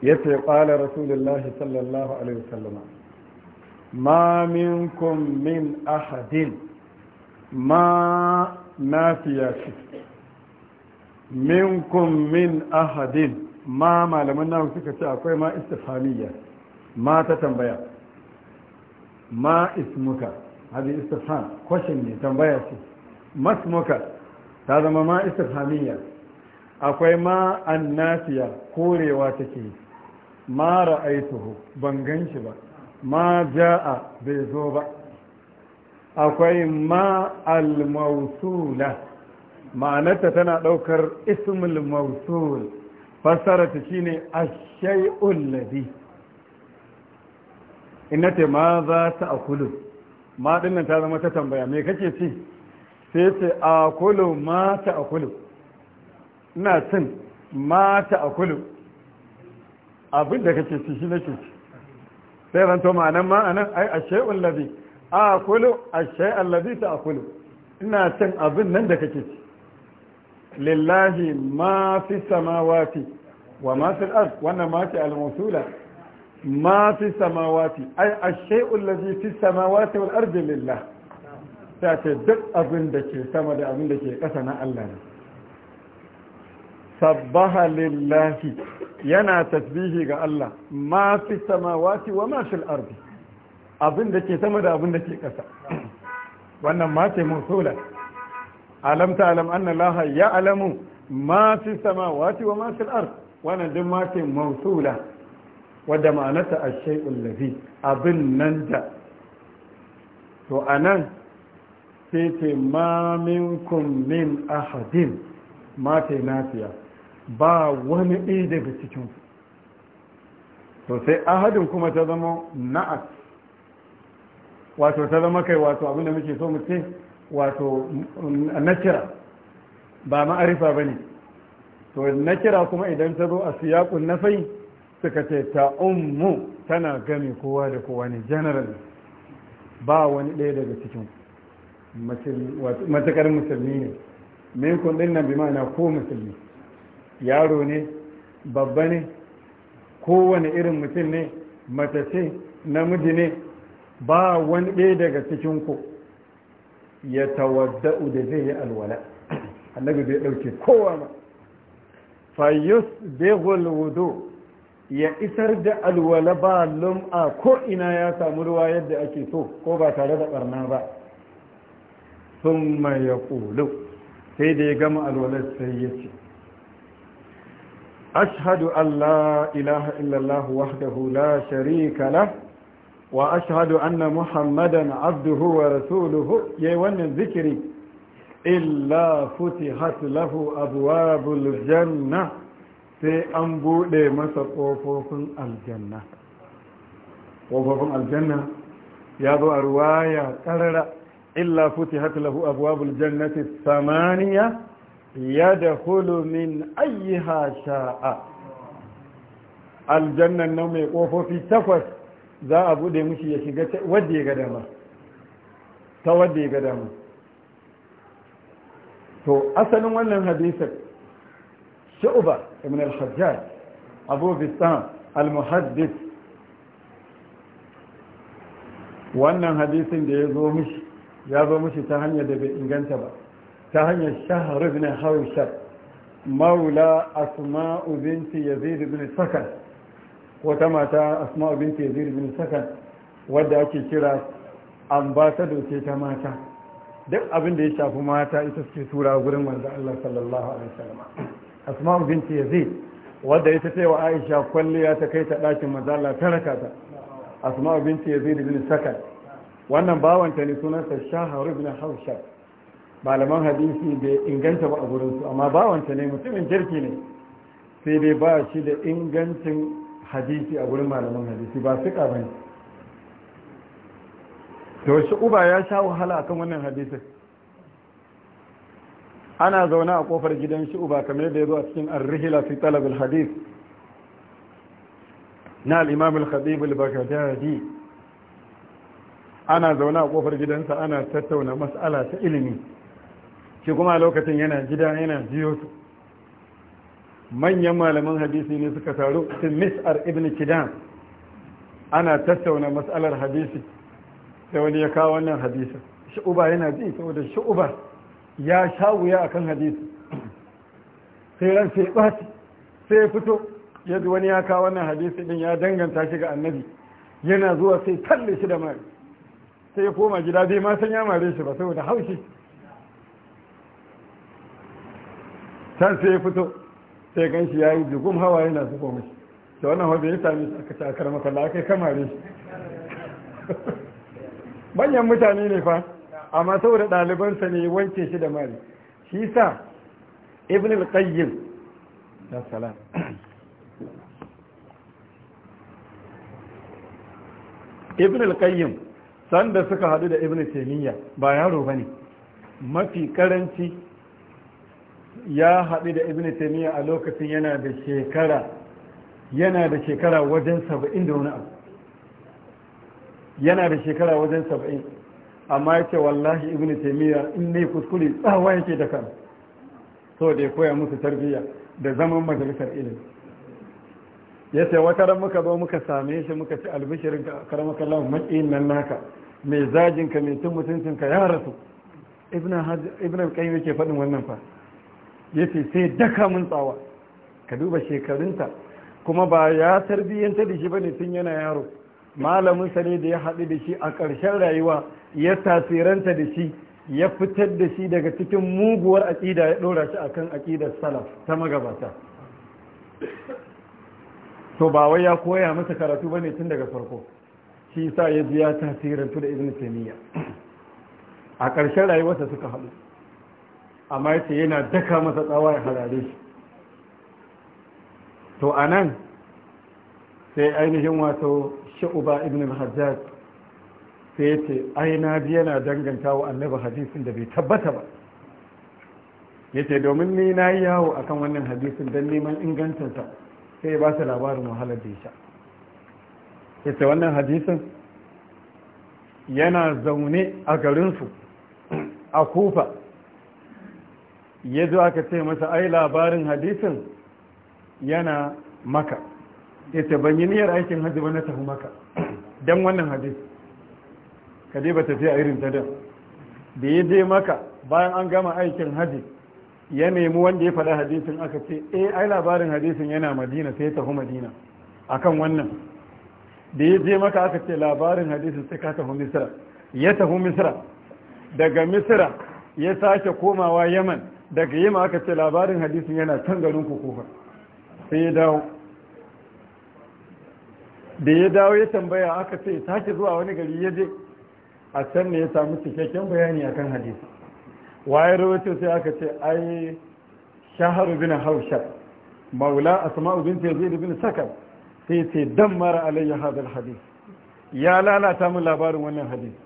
ya ce ƙwala rasulullahi sallallahu alaihi sallama ma minkum min ahadin ma nafiya ce minkum min ahadin ma malaman nawa suka ce akwai ma istifhamiyya ma ta tambaya ma ismuka hadi istifham question ne tambaya ce masmuka ta zama ma istifhamiyya akwai ma an nafiya korewa take ma ra'aituhu ban gan shi ba ma ja'a bai zo ba akwai ma al-mausula ma'anarta tana ɗaukar ismul mausul ta shine ash-shay'ul ladhi innata ma za ta akulu ma dinnan ta zama ta tambaya me kake ci sai ce akulu ma ta akulu ina cin mata a kulu abin da kake ci shi nake ci sai to ma'anan ma'anan ai a shai'un labi a kulu a shai'an labi ta a kulu ina cin abin nan da kake ci lillahi ma fi samawati wa ma fi al'ad wannan ma fi al-musula ma fi samawati ai a shai'un labi fi samawati wal ardi lillah ta ce duk abin da ke sama da abin da ke ƙasa na Allah ne sabbaha lillahi yana tasbihi ga Allah ma fi samawati wa ma fil ardi abin da ke sama da abin da ke ƙasa wannan ma ce musula alam ta alam anna laha ya alamu ma fi samawati wa ma fil ardi wannan duk ma ce musula wadda ma'anarta a shai'un lafi abin nan da to a nan sai ce ma minkum min ahadin ma ce nafiya ba wani ɗaya daga cikin to sai ahadin kuma ta zama na'at wato ta zama kai wato abinda muke so mu ce wato nakira ba ma'arifa ba ne to nakira kuma idan ta zo a siyakun fai, suka ce ta ummu tana gami kowa da kowa ne general ba wani ɗaya daga cikin matakar musulmi ne min kundin nan bi ma'ana ko musulmi yaro ne babba ne kowane irin mutum ne mace namiji ne ba wani ɗaya daga cikinku ya tawadda'u da zai yi alwala annabi bai ɗauke kowa ba fayyus begul wudu ya isar da alwala ba lum'a ko ina ya samu ruwa yadda ake so ko ba tare da ɓarna ba sun ya ƙulu sai da ya gama alwalar sai ya ce أشهد أن لا إله إلا الله وحده لا شريك له وأشهد أن محمدا عبده ورسوله يوانا ذكري إلا فتحت له أبواب الجنة في أنبو لمس قفوف الجنة قفوف الجنة يا ذو رواية قرر إلا فتحت له أبواب الجنة الثمانية Ya da min ayyiha sha'a aljannan na mai kofofi takwas za a bude mishi ya shiga wadda ya ga dama ta wadda ya ga dama to asalin wannan hadisin shu'ba ibn al-hajjaj abu bistan al-muhaddith wannan hadisin da ya zo mishi ya zo mishi ta hanyar da bai inganta ba ta hanyar shahar ibn haushar maula asma'u binti yazid ibn sakan wata mata asma'u binti yazid ibn sakan wadda ake kira ambasado ce ta mata duk abin da ya shafi mata ita suke tura gurin wanda Allah sallallahu alaihi wasallam asma'u binti yazid wadda ita ce wa Aisha kwalliya ta kai ta ɗakin mazalla ta raka ta asma'u binti yazid ibn sakan wannan bawanta ne sunansa shahar ibn haushar malaman hadisi bai inganta ba a gurinsu amma bawanta ne mutumin kirki ne sai dai ba shi da ingancin hadisi a gurin malaman hadisi ba su ba ne da wasu uba ya sha wahala akan wannan hadisin ana zaune a kofar gidan shi uba kamar da ya zo a cikin arrihila fi talabul hadis na al'imam al ana zaune a kofar gidansa ana tattauna mas'ala ta ilimi shi kuma lokacin yana gida yana jiyo su manyan malaman hadisi ne suka taru sun mis'ar ibn kidan ana tattauna matsalar hadisi da wani ya kawo wannan Hadisi. shi'uba yana ji saboda shi'uba ya sha wuya a kan hadisi sai ran sai ɓaci sai fito yadda wani ya kawo wannan hadisi din ya danganta shi ga annabi yana zuwa sai talle shi da mari sai ya koma gida bai ma san ya mare shi ba saboda haushi can sai ya fito sai gan shi ya yi jigum hawa yana zuba mashi da wannan wanda ya sami shi aka takar maka kai kamare shi manyan mutane ne fa amma saboda ɗalibansa ne wanke shi da mari shi sa ibn al-qayyim da salam ibn al-qayyim sanda suka hadu da ibn taymiya ba yaro bane mafi karanci ya haɗu da ibn Taimiyya a lokacin yana da shekara yana da shekara wajen saba'in da wani abu yana da shekara wajen saba'in amma ya ce wallahi ibn Taimiyya in ne kuskure tsawa yake da kan so da ya koya musu tarbiyya da zaman majalisar ilim ya ce wata ran muka zo muka same shi muka ci albishirin karamaka kallon matsayin nan naka mai zajinka mai cin mutuncinka ya rasu ibn al-qayyim yake faɗin wannan fa ya ce sai daka mun tsawa ka duba shekarunta kuma ba ya tarbiyyanta da shi ba ne tun yana yaro malamin ne da ya haɗu da shi a ƙarshen rayuwa ya tasiranta da shi ya fitar da shi daga cikin muguwar aƙida ya ɗora shi a kan aƙidar salaf ta magabata to ba wai ya koya masa karatu ba ne tun daga farko shi sa ya ji ya tasirantu da izinin taymiya a ƙarshen rayuwarsa suka haɗu amma yace yana daka masa tsawa ya harare shi to anan sai ainihin wato sha'uba ibn al-hajjaj sai yace ai na ji yana danganta wa annabi hadisin da bai tabbata ba yace domin ni na yi yawo akan wannan hadisin dan neman ingantarsa sai ba labarin wahalar da ya yace wannan hadisin yana zaune a garinsu a kufa ya zo aka ce masa ai labarin hadisin yana maka ya ce ban yi niyyar aikin hajji ba na tafi maka don wannan hadis. ka dai ba tafiya irin ta da da ya je maka bayan an gama aikin hajji ya nemi wanda ya faɗa hadisin aka ce eh ai labarin hadisin yana madina sai ya tafi madina akan wannan da ya je maka aka ce labarin hadisin sai ka tafi misira ya tafi misira daga misira ya sake komawa yaman daga yi ma aka ce labarin hadisin yana can garin kukufa sai ya dawo da ya dawo ya tambaya aka ce ya ke zuwa wani gari ya je a can ne ya samu cikakken bayani akan hadisi waye rawaito sai aka ce ai shaharu bin hausha maula asma'u bint da bin sakar sai ce dan mara alayya hadar hadis ya lalata min labarin wannan hadisi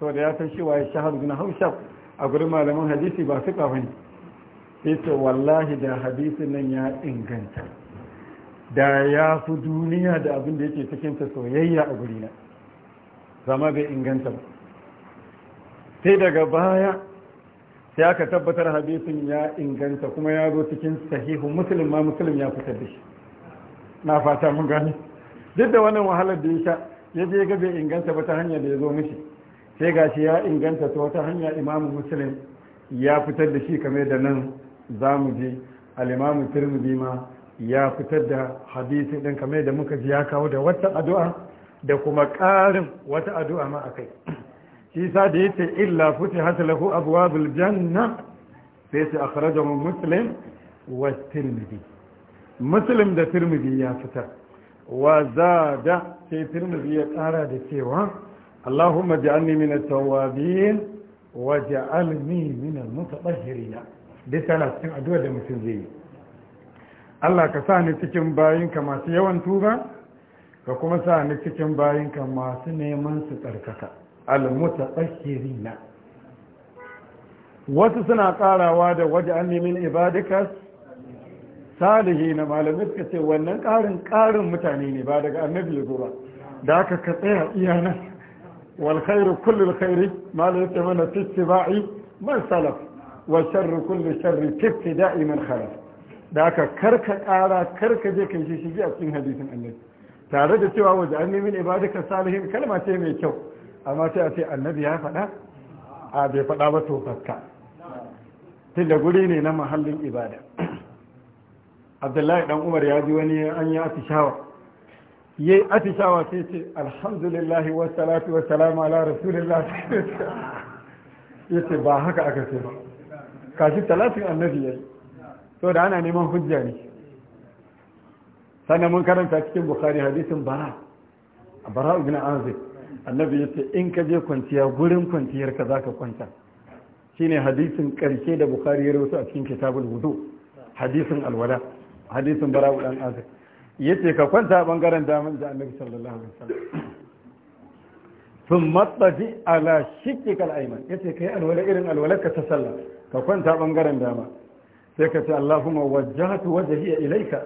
saboda ya san shi waye shaharu bin hausha a gurin malaman hadisi ba su kafani yace wallahi da hadisin nan ya inganta da ya fi duniya da abin da yake cikinta soyayya a na zama bai inganta ba sai daga baya sai aka tabbatar hadisin ya inganta kuma ya zo cikin sahihu musulun ma musulun ya fitar da shi na fata mun gane duk da wannan wahalar da ya sha ya je ga bai inganta ba ta hanyar da ya zo mishi sai gashi ya inganta ta wata hanya imamu musulun ya fitar da shi kamar da nan za mu je alimamu tirmidhi ma ya fitar da hadisi ɗin kamar da muka ji ya kawo da wata addu'a da kuma ƙarin wata addu'a ma a shi sa da ya ce illa lafu abuwa abwabul janna sai sai akhrajahu musulun wa tirmidhi Musulun da tirmidhi ya fitar wa za da sai tirmidhi ya tsara da cewa allahumma ja'alni min at-tawwabin wa ja'alni min al duk tana cikin addu'ar da mutum zai yi Allah ka sa ni cikin bayinka masu yawan tuba ka kuma sa ni cikin bayinka masu neman su tsarkaka almuta wasu suna karawa da waje an nemin ibadikas? salihi na malamai suka ce wannan karin karin mutane ne ba daga annabi ya zo ba da aka ka tsaya iya nan والخير khairi الخير ما mana من اتباع man wa sharri kulli sharri kifti da'i man khalaf da aka karka kara karka je kai shi shige a cikin hadisin annabi tare da cewa wa ja'alni min ibadika salihin kalma ce mai kyau amma sai a ce annabi ya faɗa a bai faɗa ba to fakka tunda guri ne na mahallin ibada abdullahi dan umar ya ji wani an yi atishawa yayi atishawa sai ce alhamdulillah wa salatu wa salamu ala rasulillah yace ba haka aka ce ba kashi talatin annabi ya yi so da ana neman hujja ne sannan mun karanta cikin bukari hadisin bara a bara an azib annabi ya ce in ka je kwanciya gurin kwanciyar ka za ka kwanta shi ne hadisin karshe da bukari ya rusu a cikin kitabul wudu hadisin alwada hadisin bara ibn ya ce ka kwanta a bangaren damar da annabi sallallahu alaihi wasallam sun matsaji ala shiki kal'aiman ya ce ka yi alwala irin alwalarka ta sallah ka kwanta ɓangaren dama sai ka ce allahumma wajjahatu wajhiya ilaika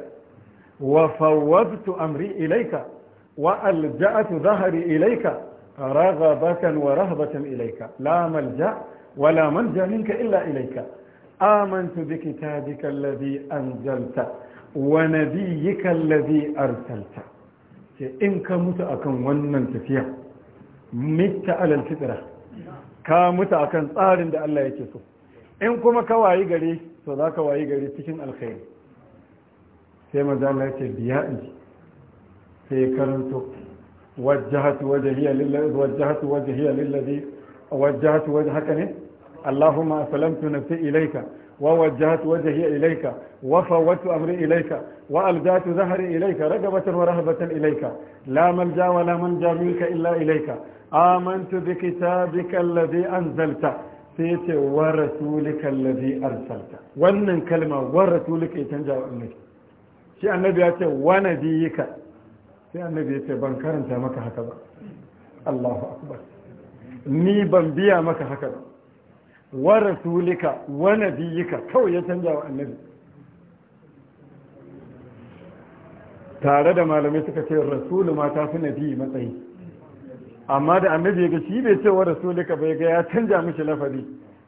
wa amri ilaika wa alja'atu zahari ilaika raghabatan wa rahbatan ilaika la malja wa la manja minka illa ilaika amantu bi kitabika alladhi anzalta wa nabiyyika alladhi arsalta ce in ka mutu akan wannan tafiya mitta alal fitra ka mutu akan tsarin da Allah yake so in kuma ka wayi gari to za ka wayi gari cikin alkhairi sai maza Allah ce biya inji sai karanto wajjahatu wajhiya lillahi wajjahatu wajhiya lillazi wajjahatu wajhaka ne Allahumma aslamtu nafsi ilayka ووجهت وجهي إليك وفوت أمري إليك وألجأت ظهري إليك رغبة ورهبة إليك لا ملجأ ولا منجا منك إلا إليك آمنت بكتابك الذي أنزلت سيتي ورسولك الذي أرسلت wannan kalma war rasulika ya canja wa annabi shi annabi ya ce wa nabiyika sai annabi ya ce ban karanta maka haka ba Allahu ni ban biya maka haka ba wa rasulika wa nabiyika kawai ya canja wa annabi tare da malamai suka ce rasulu ma ta fi nabi matsayi amma da annabi ga shi bai ce wa rasulika bai ga ya canja mishi lafari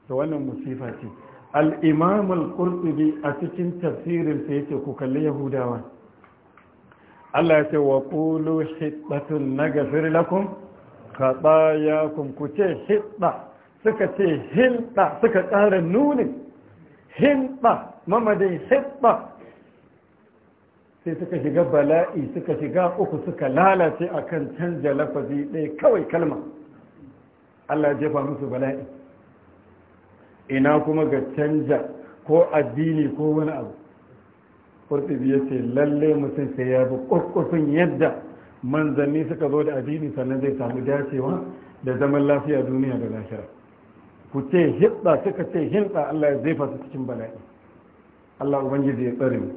to wannan musifa ce al-imam al-qurtubi a cikin tafsirin sa yace ku kalli yahudawa Allah ya ce wa qulu hiddatun nagfir lakum khatayakum ku ce hidda suka ce hilɗa, suka tsara nunin hinta mamadin hinta sai suka shiga bala'i suka shiga uku suka lalace a kan canja lafazi ɗaya kawai kalma Allah jefa musu bala'i ina kuma ga canja ko addini ko wani abu kurtubi ya ce lalle mutum sai ya bi kurkufin yadda manzanni suka zo da addini sannan zai samu dacewa da zaman lafiya duniya da lafiya ku ce hitsa suka ce hinsa Allah ya zefa su cikin bala'i Allah ubangiji ya tsare mu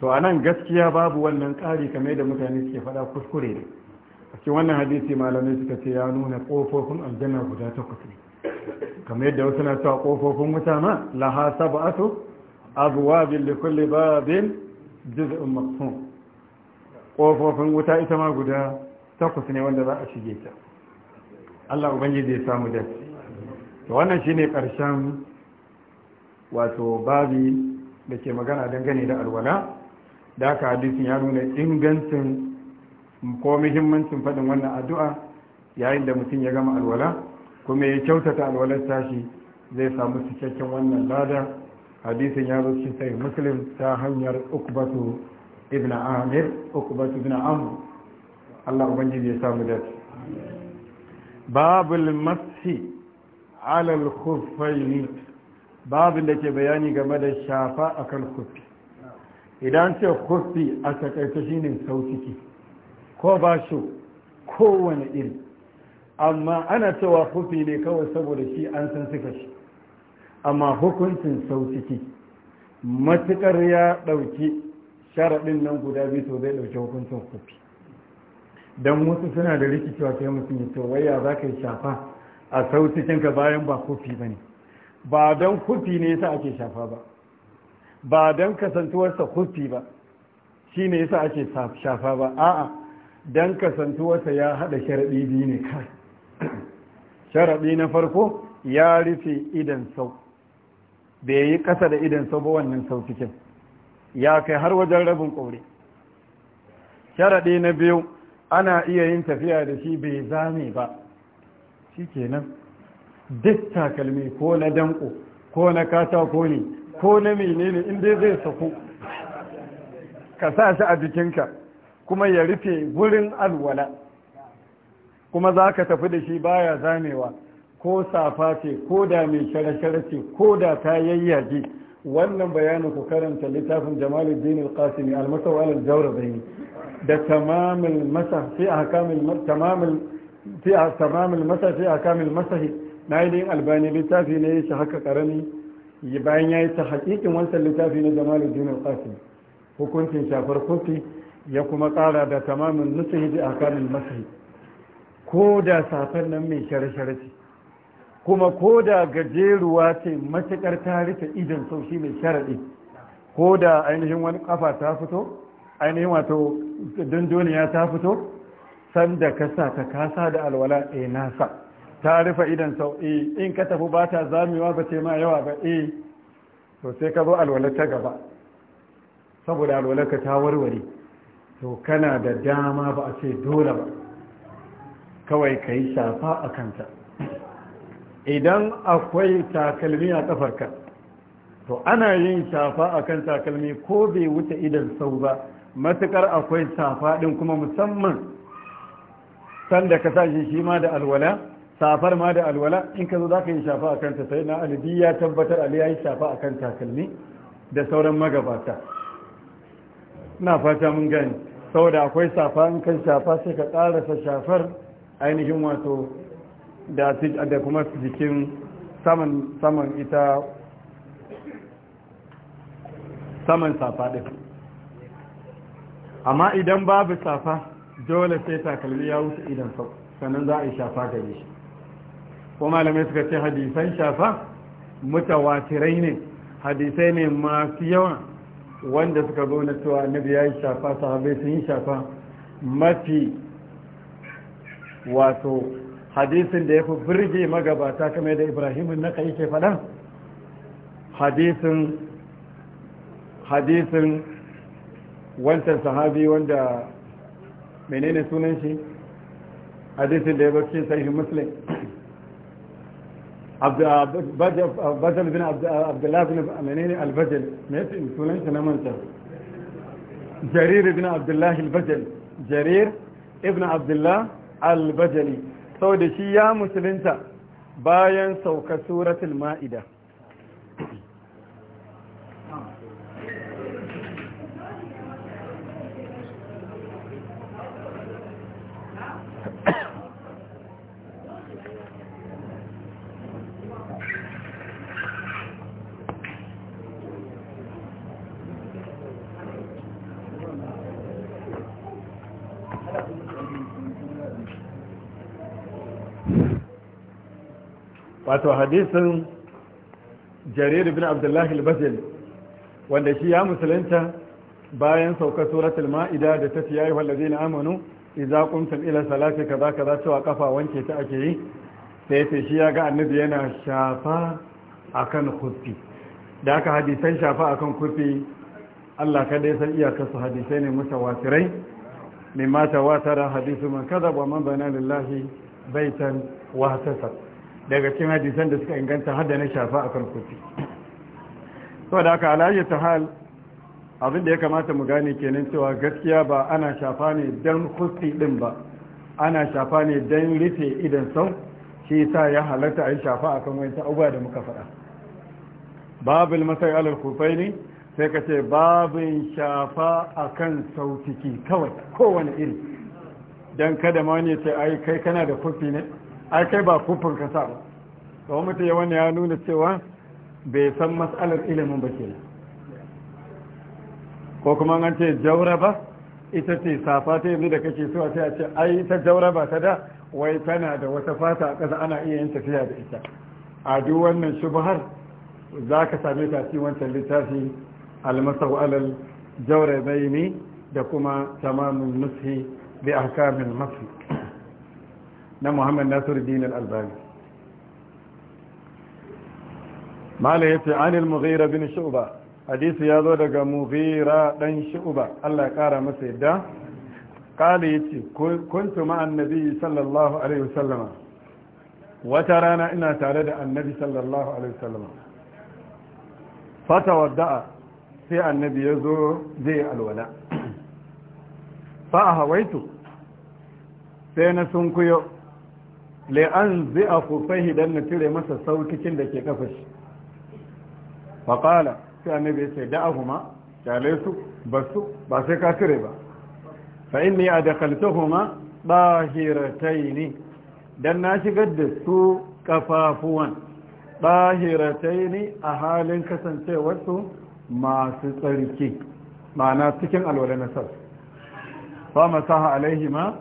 to anan gaskiya babu wannan ƙari kamar da mutane suke faɗa kuskure ne a cikin wannan hadisi malamai suka ce ya nuna ƙofofin aljanna guda takwas ne kamar yadda wasu na cewa ƙofofin wuta ma laha sab'atu abwabin li kulli babin juz'un maqsum ƙofofin wuta ita ma guda takwas ne wanda za a shige ta Allah ubangiji ya samu dace to wannan shine karshen wato babi da ke magana dangane da alwala da aka hadisin ya nuna ingancin ko muhimmancin faɗin wannan addu'a yayin da mutum ya gama alwala kuma ya kyautata alwalar tashi zai samu cikakken wannan lada hadisin ya zo cikin sai muslim ta hanyar ukbatu ibn amir ukbatu ibn amr Allah ubangiji ya samu dace babul masi. alal khuffaini babin da ke bayani game da shafa akan khuffi idan ce khuffi a shi shine sautiki ko ba shi kowane iri amma ana cewa khuffi ne kawai saboda shi an san suka shi amma hukuncin sautiki matukar ya dauki sharaɗin nan guda biyu to zai dauki hukuncin khuffi dan wasu suna da rikicewa sai mutum ya to waya za ka yi shafa a sautukinka bayan ba kufi ba ne ba don kufi ne yasa ake shafa ba ba don kasantuwarsa kufi ba shi ne yasa ake shafa ba a'a don kasantuwarsa ya haɗa sharaɗi biyu ne kai sharaɗi na farko ya rufe idan sau bai yi ƙasa da idan sau ba wannan sautukin ya kai har wajen rabin ƙaure sharaɗi na biyu ana iya yin tafiya da shi bai zame ba shi kenan duk takalmi ko na danko ko na katako ne ko na menene inda zai sako ka sa shi a jikinka kuma ya rufe wurin alwala kuma za ka tafi da shi baya zamewa ko safa ce ko da mai shara-shara ce ko da ta yayyage wannan bayanin ku karanta littafin jamaluddin al-qasimi al-masawal al da tamamul masah fi ahkamil tamamul fi a tamamul masa fi a kamil masahi na yi albani littafi ne ya shi haka karami bayan ya yi ta hakikin wancan littafi na jamaluddin al-qasim hukuncin shafar kofi ya kuma kara da tamamin nusuhi a kamil masahi ko da safen nan mai share ce kuma ko da gajeruwa ce matuƙar ta rufe idan sau shi mai sharaɗi ko da ainihin wani ƙafa ta fito ainihin wato dunduniya ta fito sanda ka sa ka kasa da alwala eh nasa ta rufe idan sau eh, in ka tafi ba ta zamewa ba ce ma yawa ba e to sai ka zo alwala ta gaba saboda alwala ka ta warware to kana da dama ba a ce dole ba kawai ka yi shafa a kanta idan akwai takalmi a kafarka to ana yin shafa a kan takalmi ko bai wuce idan sau ba matukar akwai shafa ɗin kuma musamman sanda ka sashi shi ma da alwala safar ma da alwala in ka zo za ka yi shafa a kanta sai na alibi ya tabbatar ali ya yi shafa a kan takalmi da sauran magabata na fata mun gani saboda akwai safa in kan shafa sai ka ƙarasa shafar ainihin wato da kuma jikin saman saman ita saman safa ɗin amma idan babu safa dole sai takalmi ya wuce idan sau sannan za a yi shafa gare shi ko malamai suka ce hadisan shafa mutawatirai ne hadisai ne masu yawa wanda suka zo na cewa annabi ya yi shafa sahabai sun yi shafa mafi wato hadisin da ya fi birge magabata kamar da ibrahim na kai ke faɗa hadisin hadisin wancan sahabi wanda menene sunan shi hadisin da ya bar cikin sahihin muslim bajal bin abdullahi bin menene albajal me yasa sunan shi na manta jarir bin abdullahi albajal jarir ibn abdullahi albajali da shi ya musulunta bayan sauka suratul ma'ida wato hadisin jarir bin abdullahi al wanda shi ya musulunta bayan sauka suratul ma'ida da ta yayi wa amanu idza qumtum ila salati kaza kaza cewa kafa wanke ta ake yi sai ta shi ya ga annabi yana shafa akan kufi da aka hadisan shafa akan kurfi Allah kadai san iya su hadisai ne mutawatirai mimma tawatara hadisu man kadaba man bana lillahi baitan wa hasasa daga cikin hadisan da suka inganta har da na shafa akan kofi saboda haka alayyar ta hal abin da ya kamata mu gane kenan cewa gaskiya ba ana shafa ne don kusti din ba ana shafa ne don rufe idan sau shi sa ya halatta a yi shafa akan wani abubuwa da muka faɗa babul masai alal kufai ne sai ka ce babin shafa akan sautiki kawai kowane iri don kada ma ya ce ai kai kana da kusti ne ai kai ba kufin ka sa ba kawai mutu ya wani ya nuna cewa bai san mas'alar ilimin ba kenan ko kuma an ce jauraba ita ce safa ta yanzu da kake so sai a ce ai ta jauraba ta da wai tana da wata fata a ƙasa ana iya yin tafiya da ita a duk wannan shubhar za ka same ta cikin wancan littafi almasau alal jaurabaini da kuma tamamin nushi bi ahkamin mafi na muhammad nasiru dinar albani mala ya ce anil mughira bin shu'ba hadisi ya zo daga mughira dan shu'ba allah ya kara masa yadda kala ya ce kuntu ma'an nabi sallallahu alaihi wasallama wata rana ina tare da annabi sallallahu alaihi wasallama fata wadda'a sai annabi ya zo zai alwala fa a hawaitu sai na sunkuyo la'an zai a kufai don na cire masa saukikin da ke kafa shi faƙala sai annabi ya ce da'a huma kyale su ba su ba sai ka cire ba fa inni a dakalta huma ne don na shigar da su kafafuwan ɗahiratai ne a halin kasancewarsu masu tsarki ma'ana cikin alwala na sassu ba masaha alaihima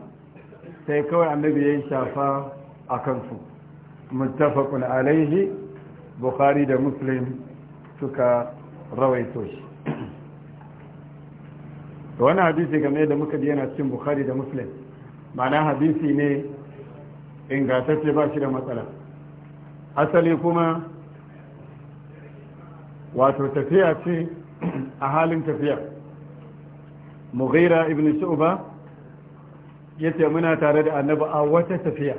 sai kawai annabi ya shafa a kansu mutafakun alaihi bukhari da muslim suka rawaito shi da wani hadisi game da muka ji yana cikin bukhari da muslim ma'ana hadisi ne ingatacce ba shi da matsala asali kuma wato tafiya ce a halin tafiya mughira ibn shu'ba yace muna tare da annabi a wata tafiya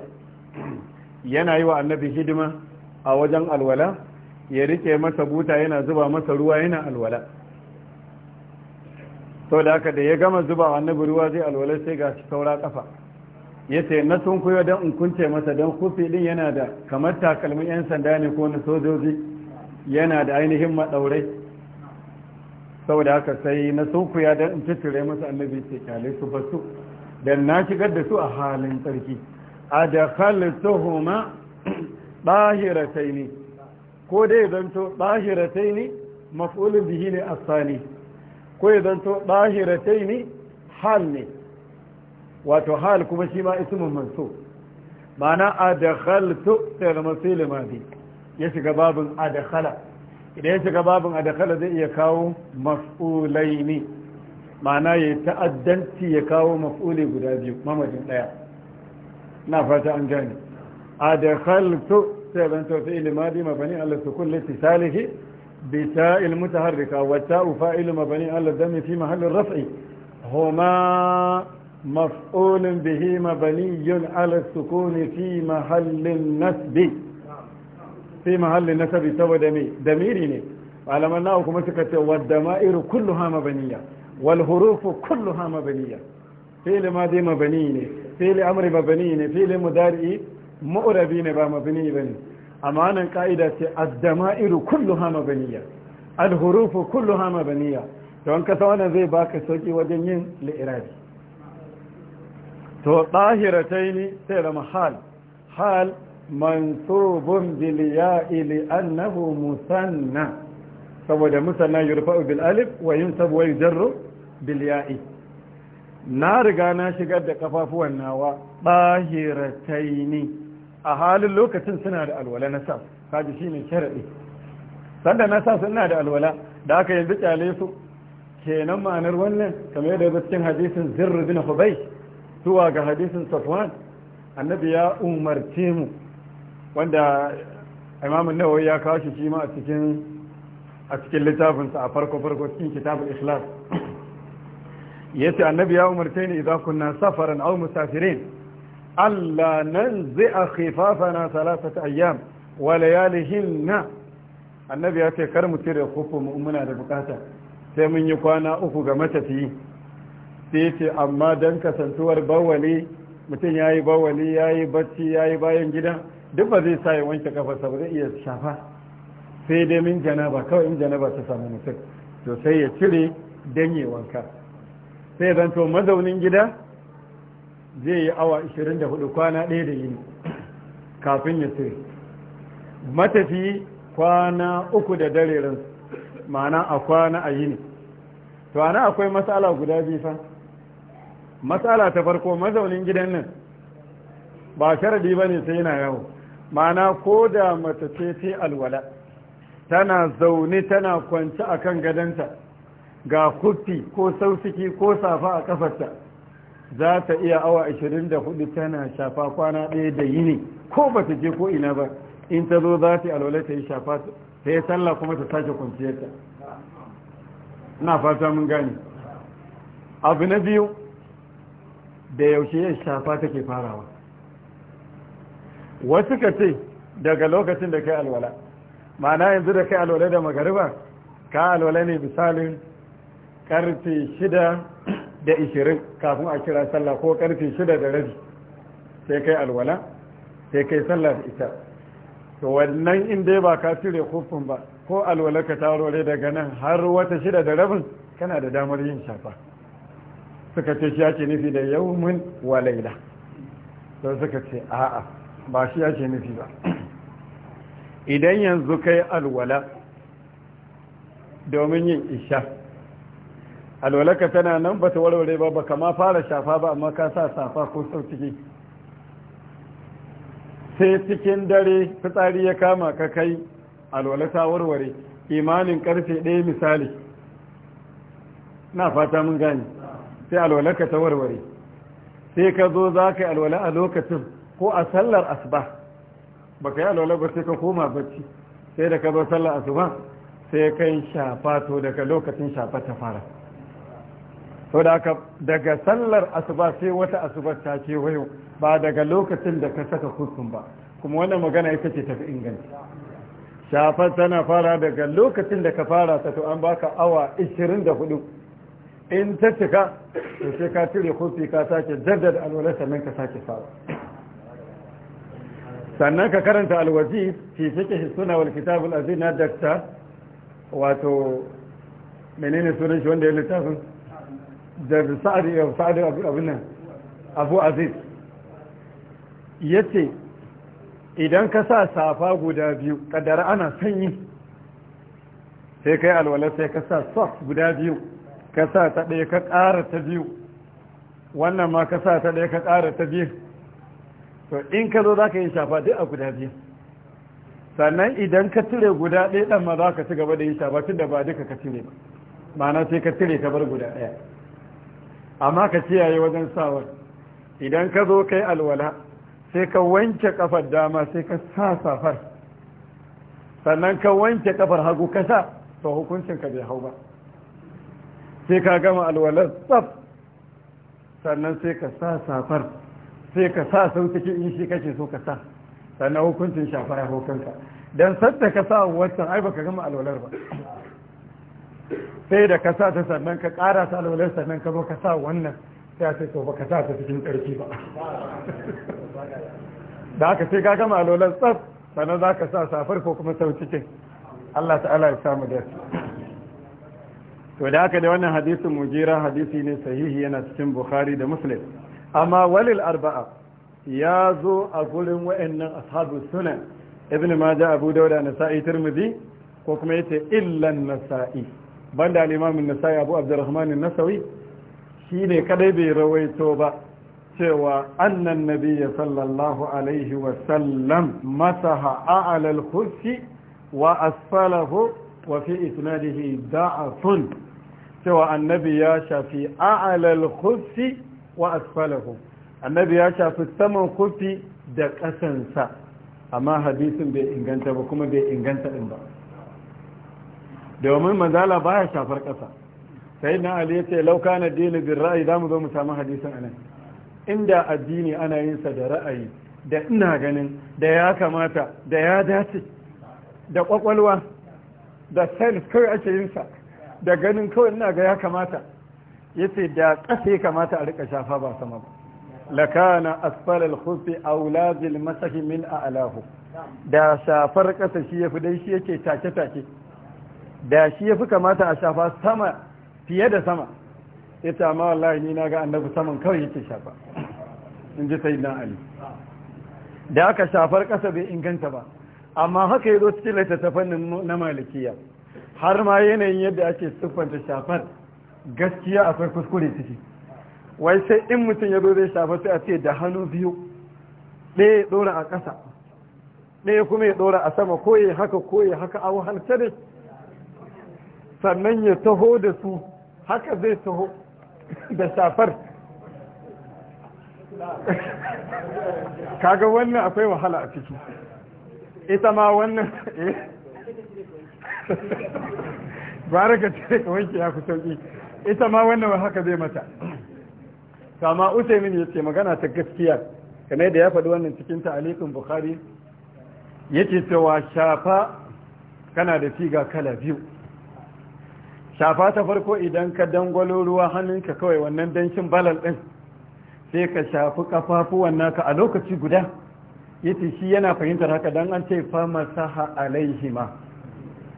yana yi wa annabi hidima a wajen alwala ya rike masa buta yana zuba masa ruwa yana alwala sau da haka da ya gama zuba annabi ruwa zai alwala sai ga shi saura kafa ya ce na sun kuyo don in kunce masa don kufi din yana da kamar takalmin 'yan sanda ne ko na sojoji yana da ainihin maɗaurai Sau da haka sai na sun kuya don in cittire masa annabi ce kyale su basu don na shigar da su a halin tsarki adkhaltuhuma dahirataini ko dai zanto dahirataini maf'ulun bihi ne asani ko ya zanto dahirataini hal ne wato hal kuma shi ma ismun mansub ma'ana adkhaltu sai da masil madi ya shiga babin a adkhala idan ya shiga babin a adkhala zai iya kawo ne mana ya ta'addanci ya kawo maf'uli guda biyu mamajin ɗaya. نافته انجاني ادخلت سبنت فعل ماضي مبني على سكون لاتصاله بتاء المتحركه والتاء فائل مبني على الدم في محل الرفع هما مفعول به مبني على السكون في محل النسب في محل النسب سوى دمي دميرني علما انه كما سكت والدمائر كلها مبنيه والهروف كلها مبنيه فعل ماضي مبني fi'li amri mabani ne fi'li mudari mu'rabi ne ba mabani bane amma nan ka'ida ce ad kulluha mabaniya Alhurufu kulluha mabaniya don ka san wannan zai baka sauki wajen yin li'irabi to tahirataini sai da mahal hal mansubun bil ya'i li annahu musanna saboda musanna yurfa'u bil alif wa yunsabu wa yujarru bil ya'i na riga na shigar da kafafuwan nawa bahiratai ne a halin lokacin suna da alwala na sa kaji shi ne sharaɗi. sanda na sa suna da alwala da aka yanzu kyale su kenan ma'anar wannan kamar yadda cikin hadisin zirru, bin hubai zuwa ga hadisin safwan annabi ya umarce mu wanda imamun nawawi ya kawo shi ma a cikin littafinsa a farko farko cikin kitabul ikhlas yace annabi ya umarce ni idan kunna safaran aw musafirin alla nanzi'a khifafana thalathata ayyam wa layalihinna annabi ya ce kar mu cire kofo mu muna da bukata sai mun yi kwana uku ga matafiyi sai yace amma dan kasantuwar bawali mutum yayi bawali yayi bacci yayi bayan gida duk ba zai sa ya wanke kafarsa ba zai iya shafa sai dai min janaba kawai in janaba ta samu mutum to sai ya cire dan wanka sai zanto mazaunin gida zai yi awa 24 kwana ɗaya da yini kafin ya siri matafi kwana uku da dare ransu ma'ana a kwana a yini to ana akwai matsala guda biyu fa matsala ta farko mazaunin gidan nan ba sharadi ba ne sai yana yawo ma'ana ko da mace ce alwala tana zaune tana kwanci akan gadonta ga kufi ko sausiki ko safa a kafarta za ta iya awa 24 tana shafa kwana ɗaya da yini ko ba ta je ko ina ba in ta zo za ta alwala ta yi shafa ta yi sallah kuma ta sake kwanciyarta na fata mun gani abu na biyu da yaushe yin shafa take farawa wasu ka ce daga lokacin da kai alwala ma'ana yanzu da kai alwala da magariba ka alwala ne misalin karfe shida da ishirin kafin a kira sallah ko karfe shida da rabi sai kai alwala sai kai sallah da ita to wannan in dai ba ka cire kofin ba ko alwala ka tarore daga nan har wata shida da rabin kana da damar yin shafa suka ce shi ake nufi da yau wa laila to suka ce a'a ba shi ake nufi ba idan yanzu kai alwala domin yin isha alwalaka tana nan ba ta warware ba ba kama fara shafa ba amma ka sa safa ko sau ciki sai cikin dare fitsari ya kama ka kai alwalata warware imanin karfe ɗaya misali na fata mun gani sai alwalaka ta warware sai ka zo za ka yi alwala a lokacin ko a sallar asuba ba ka yi alwala ba sai ka koma bacci sai da ka zo sallar asuba sai ka yi shafa to daga lokacin shafa ta fara to da ka daga sallar asuba sai wata asuba ta ce wayo ba daga lokacin da ka saka hutun ba kuma wannan magana ita ce tafi inganci shafar tana fara daga lokacin da ka fara ta to an baka awa 24 in ta cika to sai ka cire kofi ka sake jaddad alwala sannan ka sake fara sannan ka karanta alwazi fi fiqh suna wal kitab al azina dakta wato menene sunan shi wanda ya littafin da sa'adu abu sa'adu nan abu aziz ya ce idan ka sa safa guda biyu kadara ana sanyi sai kai alwala sai ka sa soft guda biyu ka sa ta ɗaya ka ƙara ta biyu wannan ma ka sa ta ɗaya ka ƙara ta biyu to in ka zo za ka yi shafa duk a guda biyu sannan idan ka cire guda ɗaya ɗan ma za ka ci gaba da yin shafa tun da ba duka ka cire ba ma'ana sai ka cire ka bar guda ɗaya amma ka kiyaye wajen sawar idan ka zo kai alwala sai ka wanke kafar dama sai ka sa safar sannan ka wanke kafar hagu ka sa to hukuncin ka bai hau ba sai ka gama alwalar tsaf sannan sai ka sa safar sai ka sa sautuki in shi kake so ka sa sannan hukuncin shafar hukunka don sadda ka sa wancan ai ka gama alwalar ba sai da ka sa ta sannan ka ƙara sa alwalar sannan ka zo ka sa wannan sai ce to ba ka sa ta cikin ƙarfi ba da aka sai ka gama alwalar tsaf sannan za ka sa safar ko kuma sau cikin Allah ta'ala ya samu da to da aka da wannan hadisin mujira hadisi ne sahihi yana cikin bukhari da muslim amma walil arba'a ya zo a gurin wa'annan ashabu sunan ibn majah abu dauda nasa'i tirmidhi ko kuma yace illan nasa'i banda alimamin imamin nasai abu abdurrahman nasawi shi ne kadai bai rawaito ba cewa annan nabiyya sallallahu alaihi wa sallam masaha a'la wa asfalahu wa fi isnadihi da'afun cewa annabi ya shafi a'alal al wa asfalahu annabi ya shafi saman kufi da ƙasansa amma hadisin bai inganta ba kuma bai inganta din ba domin manzala ba ya shafar ƙasa sai na ali ya ce lauka na dini bin ra'ayi za mu zo mu samu hadisin anan inda addini ana yin sa da ra'ayi da ina ganin da ya kamata da ya dace da kwakwalwa da sense kawai ake yin sa da ganin kawai ina ga ya kamata ya ce da kasa ya kamata a rika shafa ba sama ba lakana asfal al-khuf aula bil masah min a'lahu da shafar kasa shi yafi dai shi yake take take da shi ya fi kamata a shafa sama fiye da sama ya ce amma wallahi ni na ga annabi saman kawai yake shafa in ji sai dan ali da aka shafar ƙasa bai inganta ba amma haka ya zo cikin littattafan na malikiya har ma yanayin yadda ake siffanta shafar gaskiya akwai kuskure ciki wai sai in mutum ya zo zai shafa sai a ce da hannu biyu ɗaya ɗora a ƙasa ɗaya kuma ya ɗora a sama ko ya haka ko ya haka a wahalce da sannan ya taho da su haka zai taho da safar kaga wannan akwai wahala a ciki ita ma wannan eh ka ce wanke ya ku sauki ita ma wannan haka zai mata kama usaimin ya ce magana ta gaskiya kame da ya faɗi wannan cikin ta'alikin bukhari ce cewa shafa kana da figa kala biyu shafa ta farko idan ka dangwalo ruwa hannunka kawai wannan dancin balal ɗin sai ka shafi kafafuwan naka a lokaci guda yace shi yana fahimtar haka dan an ce fa masaha alaihima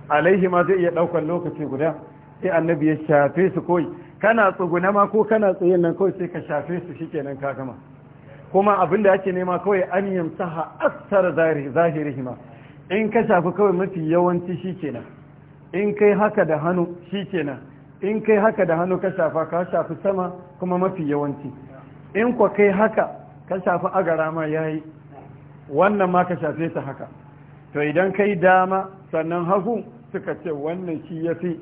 alaihima zai iya ɗaukar lokaci guda sai annabi ya shafe su kawai kana tsuguna ma ko kana tsaye nan kawai sai ka shafe su shikenan ka gama kuma abin da ake nema kawai an yamsaha zahiri zahirihima in ka shafi kawai mafi yawanci shi kenan. in kai haka da hannu kenan in kai haka da hannu ka shafa ka shafi sama kuma mafi yawanci in kwa kai haka ka shafi agara ma yayi wannan ma ka shafe ta haka to idan kai dama sannan hagu suka ce wannan shi fi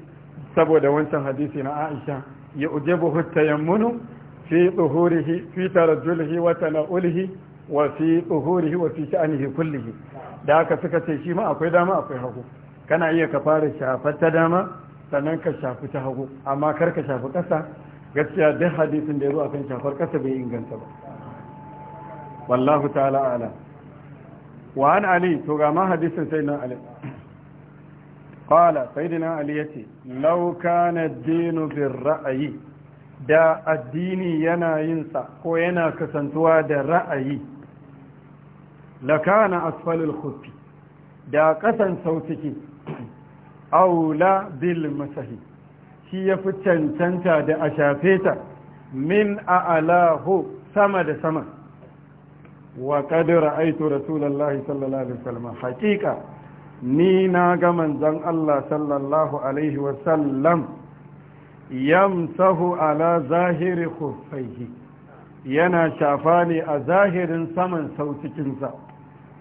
saboda wancan hadisi na Aisha ya buhuta yammunu fi tsohurihi fi wata na ulihi wa fi tsohurihi wa fi sha'anihi kullihi da haka suka ce shi ma akwai dama akwai hagu kana iya ka fara shafar ta dama sannan ka shafi ta hagu amma kar ka shafi ƙasa gaskiya duk hadisin da ya zo akan shafar ƙasa bai inganta ba wallahu ta'ala ala wa an ali to ga ma hadisin sai na ali qala sayyidina ali yace law kana ad-dinu bir ra'yi da addini yana yin sa ko yana kasantuwa da ra'ayi lakana asfalul khuffi da kasan sautiki aula bil masahi shi ya fi cancanta da a shafe ta min a'alahu sama da sama wa kadira aitu rasulallahi sallallahu alaihi wasallam hakika ni na ga manzon Allah sallallahu alaihi wasallam yamsahu ala zahiri khuffaihi yana shafa ne a zahirin saman sautukinsa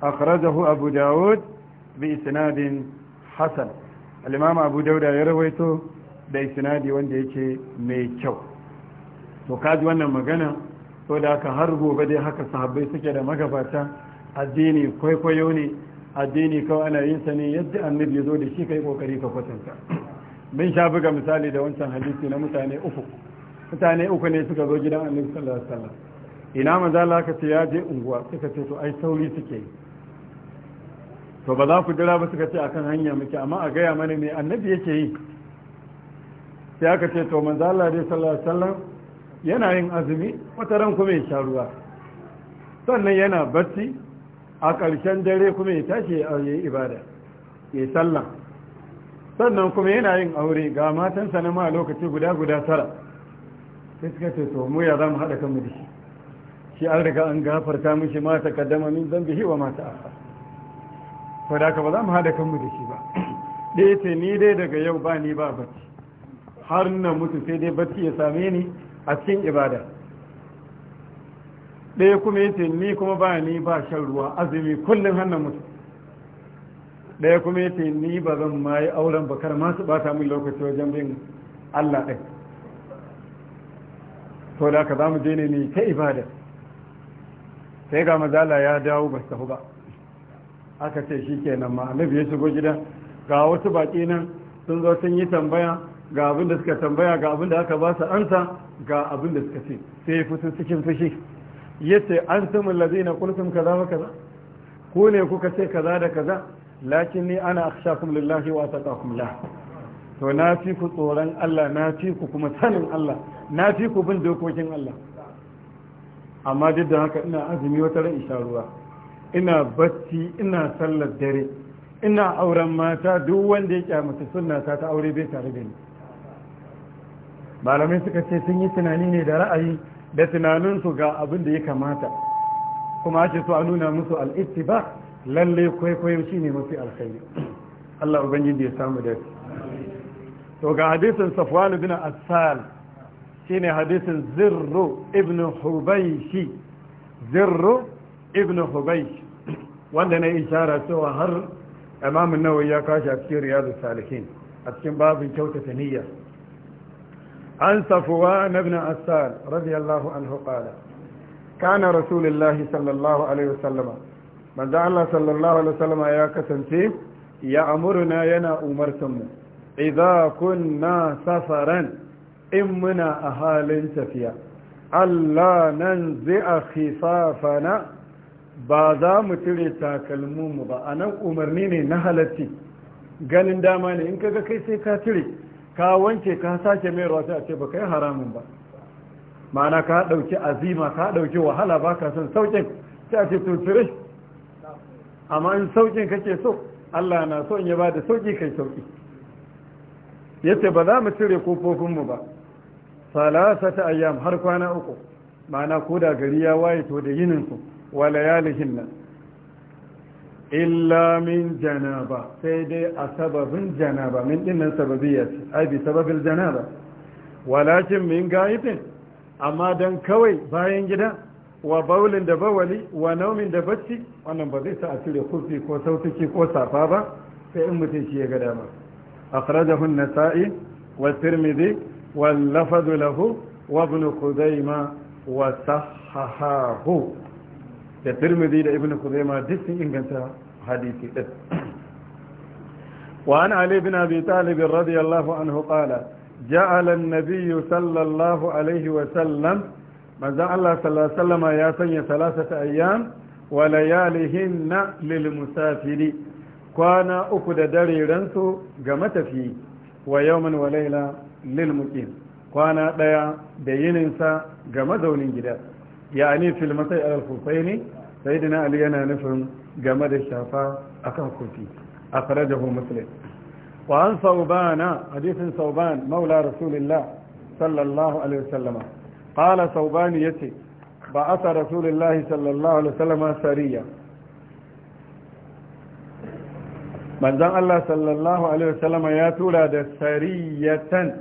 akhrajahu abu daud bi isnadin hasan alimama abu dauda ya rawaito da sinadi wanda yake mai kyau to kaji wannan magana to da haka har gobe dai haka sahabbai suke da magabata addini kwaikwayo ne addini kawai ana yin sa yadda annabi ya zo da shi kai kokari ka kwatanta bin sha buga misali da wancan hadisi na mutane uku mutane uku ne suka zo gidan annabi sallallahu alaihi wasallam ina manzo Allah ka ce ya je unguwa suka ce to ai sauri suke yi to ba za ku jira ba suka ce akan hanya muke amma a gaya mana me annabi yake yi sai aka ce to manzo Allah dai sallallahu alaihi wasallam yana yin azumi wata ran kuma ya sha ruwa sannan yana bacci a ƙarshen dare kuma ya tashi ya yi ibada ya sallah sannan kuma yana yin aure ga matansa na ma lokaci guda guda tara sai suka ce to mu ya za mu haɗa kanmu da shi shi an riga an gafarta mishi mata kaddama min zambihi wa mata ta'akhkhara to da ba za mu hada kanmu da shi ba ɗaya ce ni dai daga yau ba ni ba bacci har na mutu sai dai bacci ya same ni a cikin ibada ɗaya kuma yace ni kuma ba ni ba shan ruwa azumi kullum hannun mutu ɗaya kuma yace ni ba zan ma yi auren bakar masu ta min lokaci wajen bin Allah ɗin to da ka za mu je ne ta ibada sai ga mazala ya dawo ba su ba aka ce shi kenan ma annabi ya shigo gida ga wasu baƙi nan sun zo sun yi tambaya ga abin da suka tambaya ga abin da aka ba su ansa ga abin da suka ce sai fusun cikin fushi ya ce an samun lazai na kulkun kaza wa kaza ko ne kuka ce kaza da kaza lakin ni ana akhshakum lillahi wa taqakum la to na fi ku tsoron Allah na fi ku kuma sanin Allah na fi ku bin dokokin Allah amma duk da haka ina azumi wata ran isharuwa ruwa ina bacci ina sallar dare ina auren mata duk wanda ya kyamata suna ta ta aure bai tare da ni malamai suka ce sun yi tunani ne da ra'ayi da tunaninsu ga abin da ya kamata kuma ake so a nuna musu al'ittiba lalle kwaikwayo shi ne mafi alkhairi Allah ubangiji ya samu da to ga hadisin safwan bin asal shine hadisin zirru ibn hubayshi zirru ibn hubay wanda na ishara cewa har imamun nawawi ya kashi a cikin riyadu salihin a cikin babin kyautata niyya an safuwa na ibn asal radiyallahu anhu qala kana rasulullahi sallallahu alaihi wasallama manzo Allah sallallahu alaihi wasallama ya kasance ya amuruna yana umartan mu idza kunna safaran in muna a halin tafiya Allah nan zai a khifafana ba za mu cire takalminmu ba a nan umarni ne na halatti ganin dama ne in kaga kai sai ka cire ka wanke ka sake mai rawa a ce ba kai haramun ba ma'ana ka ɗauki azima ka ɗauki wahala ba ka son sauƙin sai a ce to cire amma in sauƙin kake so Allah na so in ya ba da sauƙi kai sauƙi yace ba za mu cire kofofinmu ba salasa ta ayyam har kwana uku ma'ana ko da gari ya waye to da yininsu wa illa min janaba sai dai a sababin janaba min dinnan sababiyya ce ai bi sababil janaba walakin min ga'ibin amma dan kawai bayan gida wa baulin da bawali wa naumin da bacci wannan ba zai sa a cire kurfi ko sautuki ko safa ba sai in mutum shi ya ga dama akhrajahu an-nasa'i wa tirmidhi wal lafadhu lahu wa ibn qudaymah wa sahahahu da tirmidhi da ibn khuzaima duk sun inganta hadisi din wa an ali bin abi talib radiyallahu anhu qala ja'ala an sallallahu alaihi wa sallam manzo Allah sallallahu alaihi ya sanya salasata ayyam wa layalihinna lil musafiri kwana uku da dare ransu ga matafi wa yawman wa layla lil kwana ɗaya da yininsa ga mazaunin gida yani fil masai alal kufaini sayyidina ali yana nufin game da shafa a kan akan kufi akhrajahu muslim wa an saubana hadithin sauban maula rasulillah sallallahu alaihi wasallam qala sauban yace ba sa rasulillah sallallahu alaihi wasallam sariya manzon Allah sallallahu alaihi wasallam ya tura da sariyatan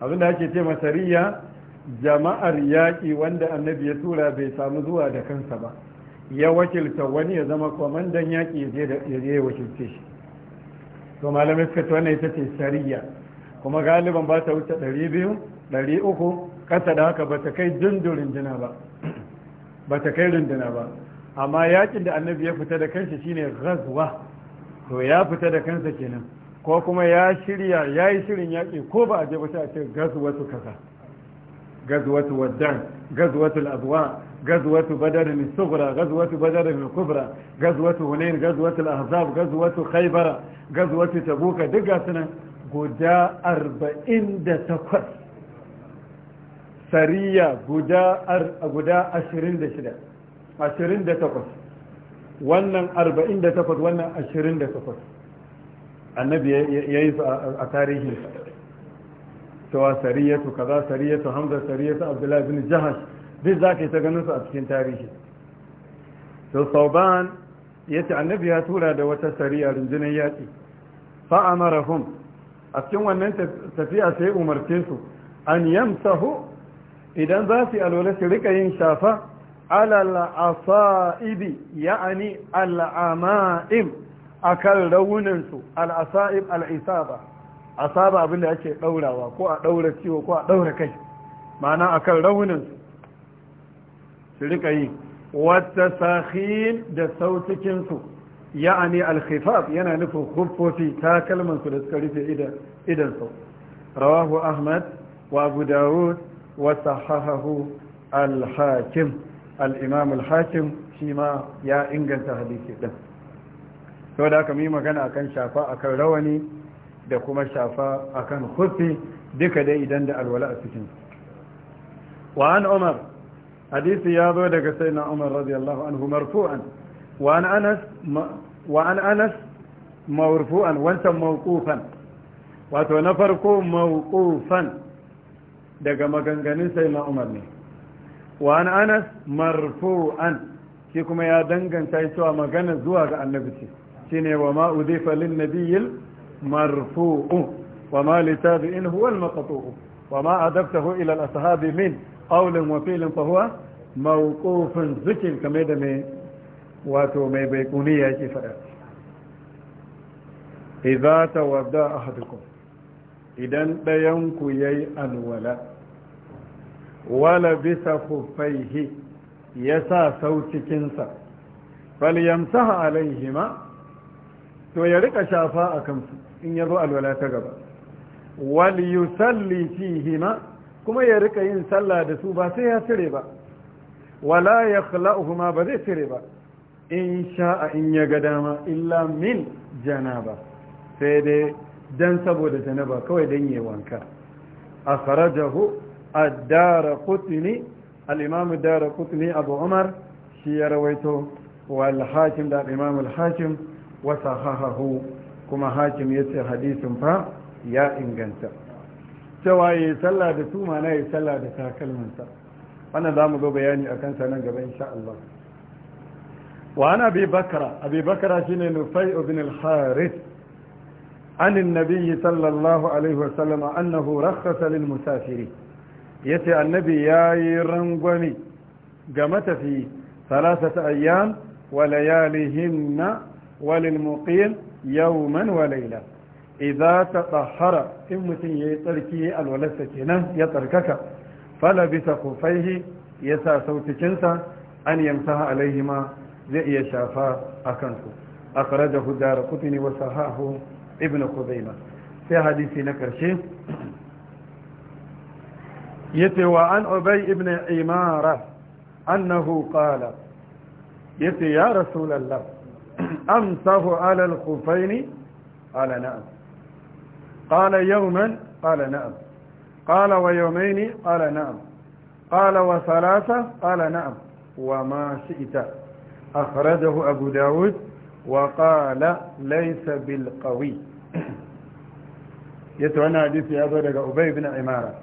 abinda ake ce masariya jama'ar yaƙi wanda annabi ya tura bai samu zuwa da kansa ba ya wakilta wani ya zama kwamandan yaƙi ya je ya wakilce shi to malamai suka ce wannan ita ce shari'a kuma galiban ba ta wuce ɗari biyu ɗari uku ƙasa da haka ba ta kai dundun runduna ba ba ta kai runduna ba amma yaƙin da annabi ya fita da kansa shine ghazwa to ya fita da kansa kenan ko kuma ya shirya ya yi shirin yaƙi ko ba a je ba sai a ce ghazwa su kasa غزوة ودان غزوة الأضواء غزوة بدر الصغرى غزوة بدر الكبرى غزوة هنين غزوة الأحزاب غزوة خيبر غزوة تبوك دقاتنا قدا أربعين دتكر سرية قدا قدا أشرين دشدا أشرين دتكر wannan 48 wannan 28 annabi ya yi a tarihinsa cewa sariyatu kaza sariyatu hamza sariyatu abdullahi bin jahash duk za ka yi ta ganin su a cikin tarihi to sauban ya ce annabi ya tura da wata sariya rundunar yaƙi fa'amarahum a cikin wannan tafiya sai umarce su an yamsahu idan za su yi alwala su rika yin shafa al'asa'idi ya'ani al'ama'im a kan rauninsu al'asa'ib al'isaba a saba abin da ake ɗaurawa ko a ɗaura ciwo ko a ɗaura kai ma'ana a kan rauninsu su rika yi wata sahin da sautikinsu ya'ani alkhifaf yana nufin takalman su da suka rufe idansu rawahu ahmad wa abu dawud wa sahahahu alhakim al'imam alhakim shi ma ya inganta hadisi ɗin sau da aka yi magana akan shafa akan rawani da kuma shafa akan hufi duka dai idan da alwala a cikin wa an umar hadisi ya zo daga sai na umar radiyallahu anhu marfu'an wa an anas wa an anas mawrufu'an wancan mawqufan wato na farko mawqufan daga maganganun na umar ne wa an anas marfu'an shi kuma ya danganta cewa magana zuwa ga annabi Shi ne wa ma udhifa lin nabiyil مرفوع وما لتابع هو المقطوع وما أدبته إلى الأصحاب من قول وفيل فهو موقوف ذكر كما يدمي واتو مي بيكونية كفاية إذا تودى أحدكم إذن بينك يي أنولا ولبس خفيه يسا صوت كنسا فليمسح عليهما to ya rika shafa a kansu in ya zo alwala ta gaba wal yusalli fihima kuma ya rika yin sallah da su ba sai ya cire ba wala ya ma ba zai cire ba in sha'a in ya ga dama illa min janaba sai dai dan saboda janaba kawai dan yi wanka akhrajahu ad-darqutni al-imam ad abu umar shi ya rawaito wal hakim da al-imam al-hakim wa sahahahu kuma hakim ya ce hadisin fa ya inganta cewa ya yi sallah da tuma na ya yi sallah da takalminsa wannan za mu zo bayani a kansa nan gaba insha Allah wa ana abi bakara abi bakara shine nufai ibn al-harith an annabi sallallahu alaihi wa sallam annahu rakhasa lil musafiri yace annabi yayi rangwami ga matafi salasata ayyam wa layalihinna wa lil muqim yawman wa laila idza tatahhara in mutum yayi tsarki alwalarsa kenan ya tsarkaka fala bisa kufaihi ya sa sautikinsa an yamsaha alaihima zai iya shafa a kansu akhrajahu darqutni wa sahahu ibn khuzaimah sai hadisi na karshe yace wa an ubay ibn imara annahu qala yace ya rasulullah أمسه على الخفين قال نعم قال يوما قال نعم قال ويومين قال نعم قال وثلاثة قال نعم وما شئت أخرجه أبو داود وقال ليس بالقوي يتوانا حديث يا ذلك أبي بن عمارة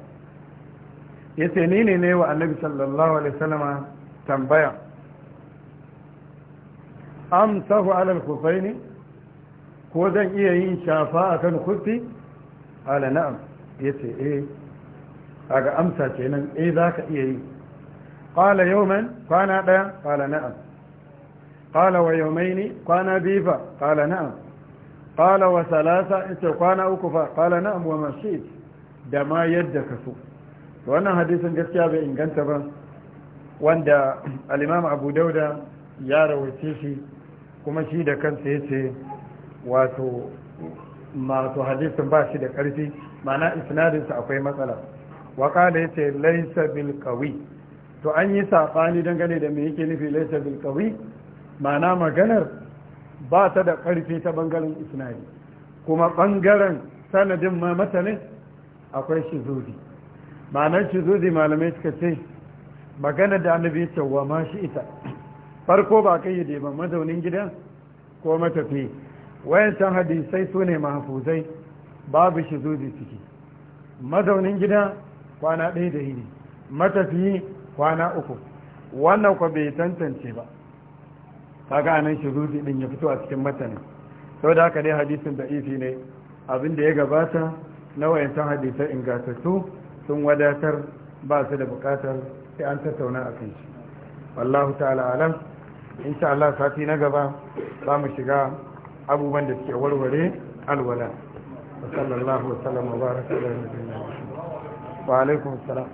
يتنيني نيو النبي صلى الله عليه وسلم تنبيع amsahu ala al khufaini ko zan iya yin shafa akan khufi ala na'am yace eh kaga amsa kenan eh zaka iya yi qala yawman kwana daya qala na'am qala wa yawmaini kwana biyu fa qala na'am qala wa thalatha ita kwana uku fa qala na'am wa ma da ma yadda ka so wannan hadisin gaskiya bai inganta ba wanda al-imam abu dauda ya rawaice shi kuma shi da kansa ya ce wato masu hadisin ba shi da ƙarfi mana isnadinsa akwai matsala waƙala ya ce laisa bilkawi to an yi saɓani dangane da me yake nufi laisa bilkawi mana maganar ba ta da ƙarfi ta ɓangaren isnadi kuma ɓangaren sanadin ma matanin akwai shi shizudi ma'anar shizudi malamai suka ce magana da annabi ce wa ma shi ita farko ba kai yi ba mazaunin gidan ko matafi wayancan hadisai su ne mahafuzai babu shi zuzi ciki mazaunin gida kwana ɗaya da yini matafi kwana uku wannan kwa bai tantance ba ta anan shi zuzi ɗin ya fito a cikin matane sau da haka dai hadisin da ifi ne abin da ya gabata na wayancan hadisai ingantattu sun wadatar ba su da bukatar sai an tattauna a kan shi wallahu ta'ala alam insha Allah sati na gaba za mu shiga abubuwan da suke warware alwala wa sallallahu wa sallama wa baraka wa alaikum salam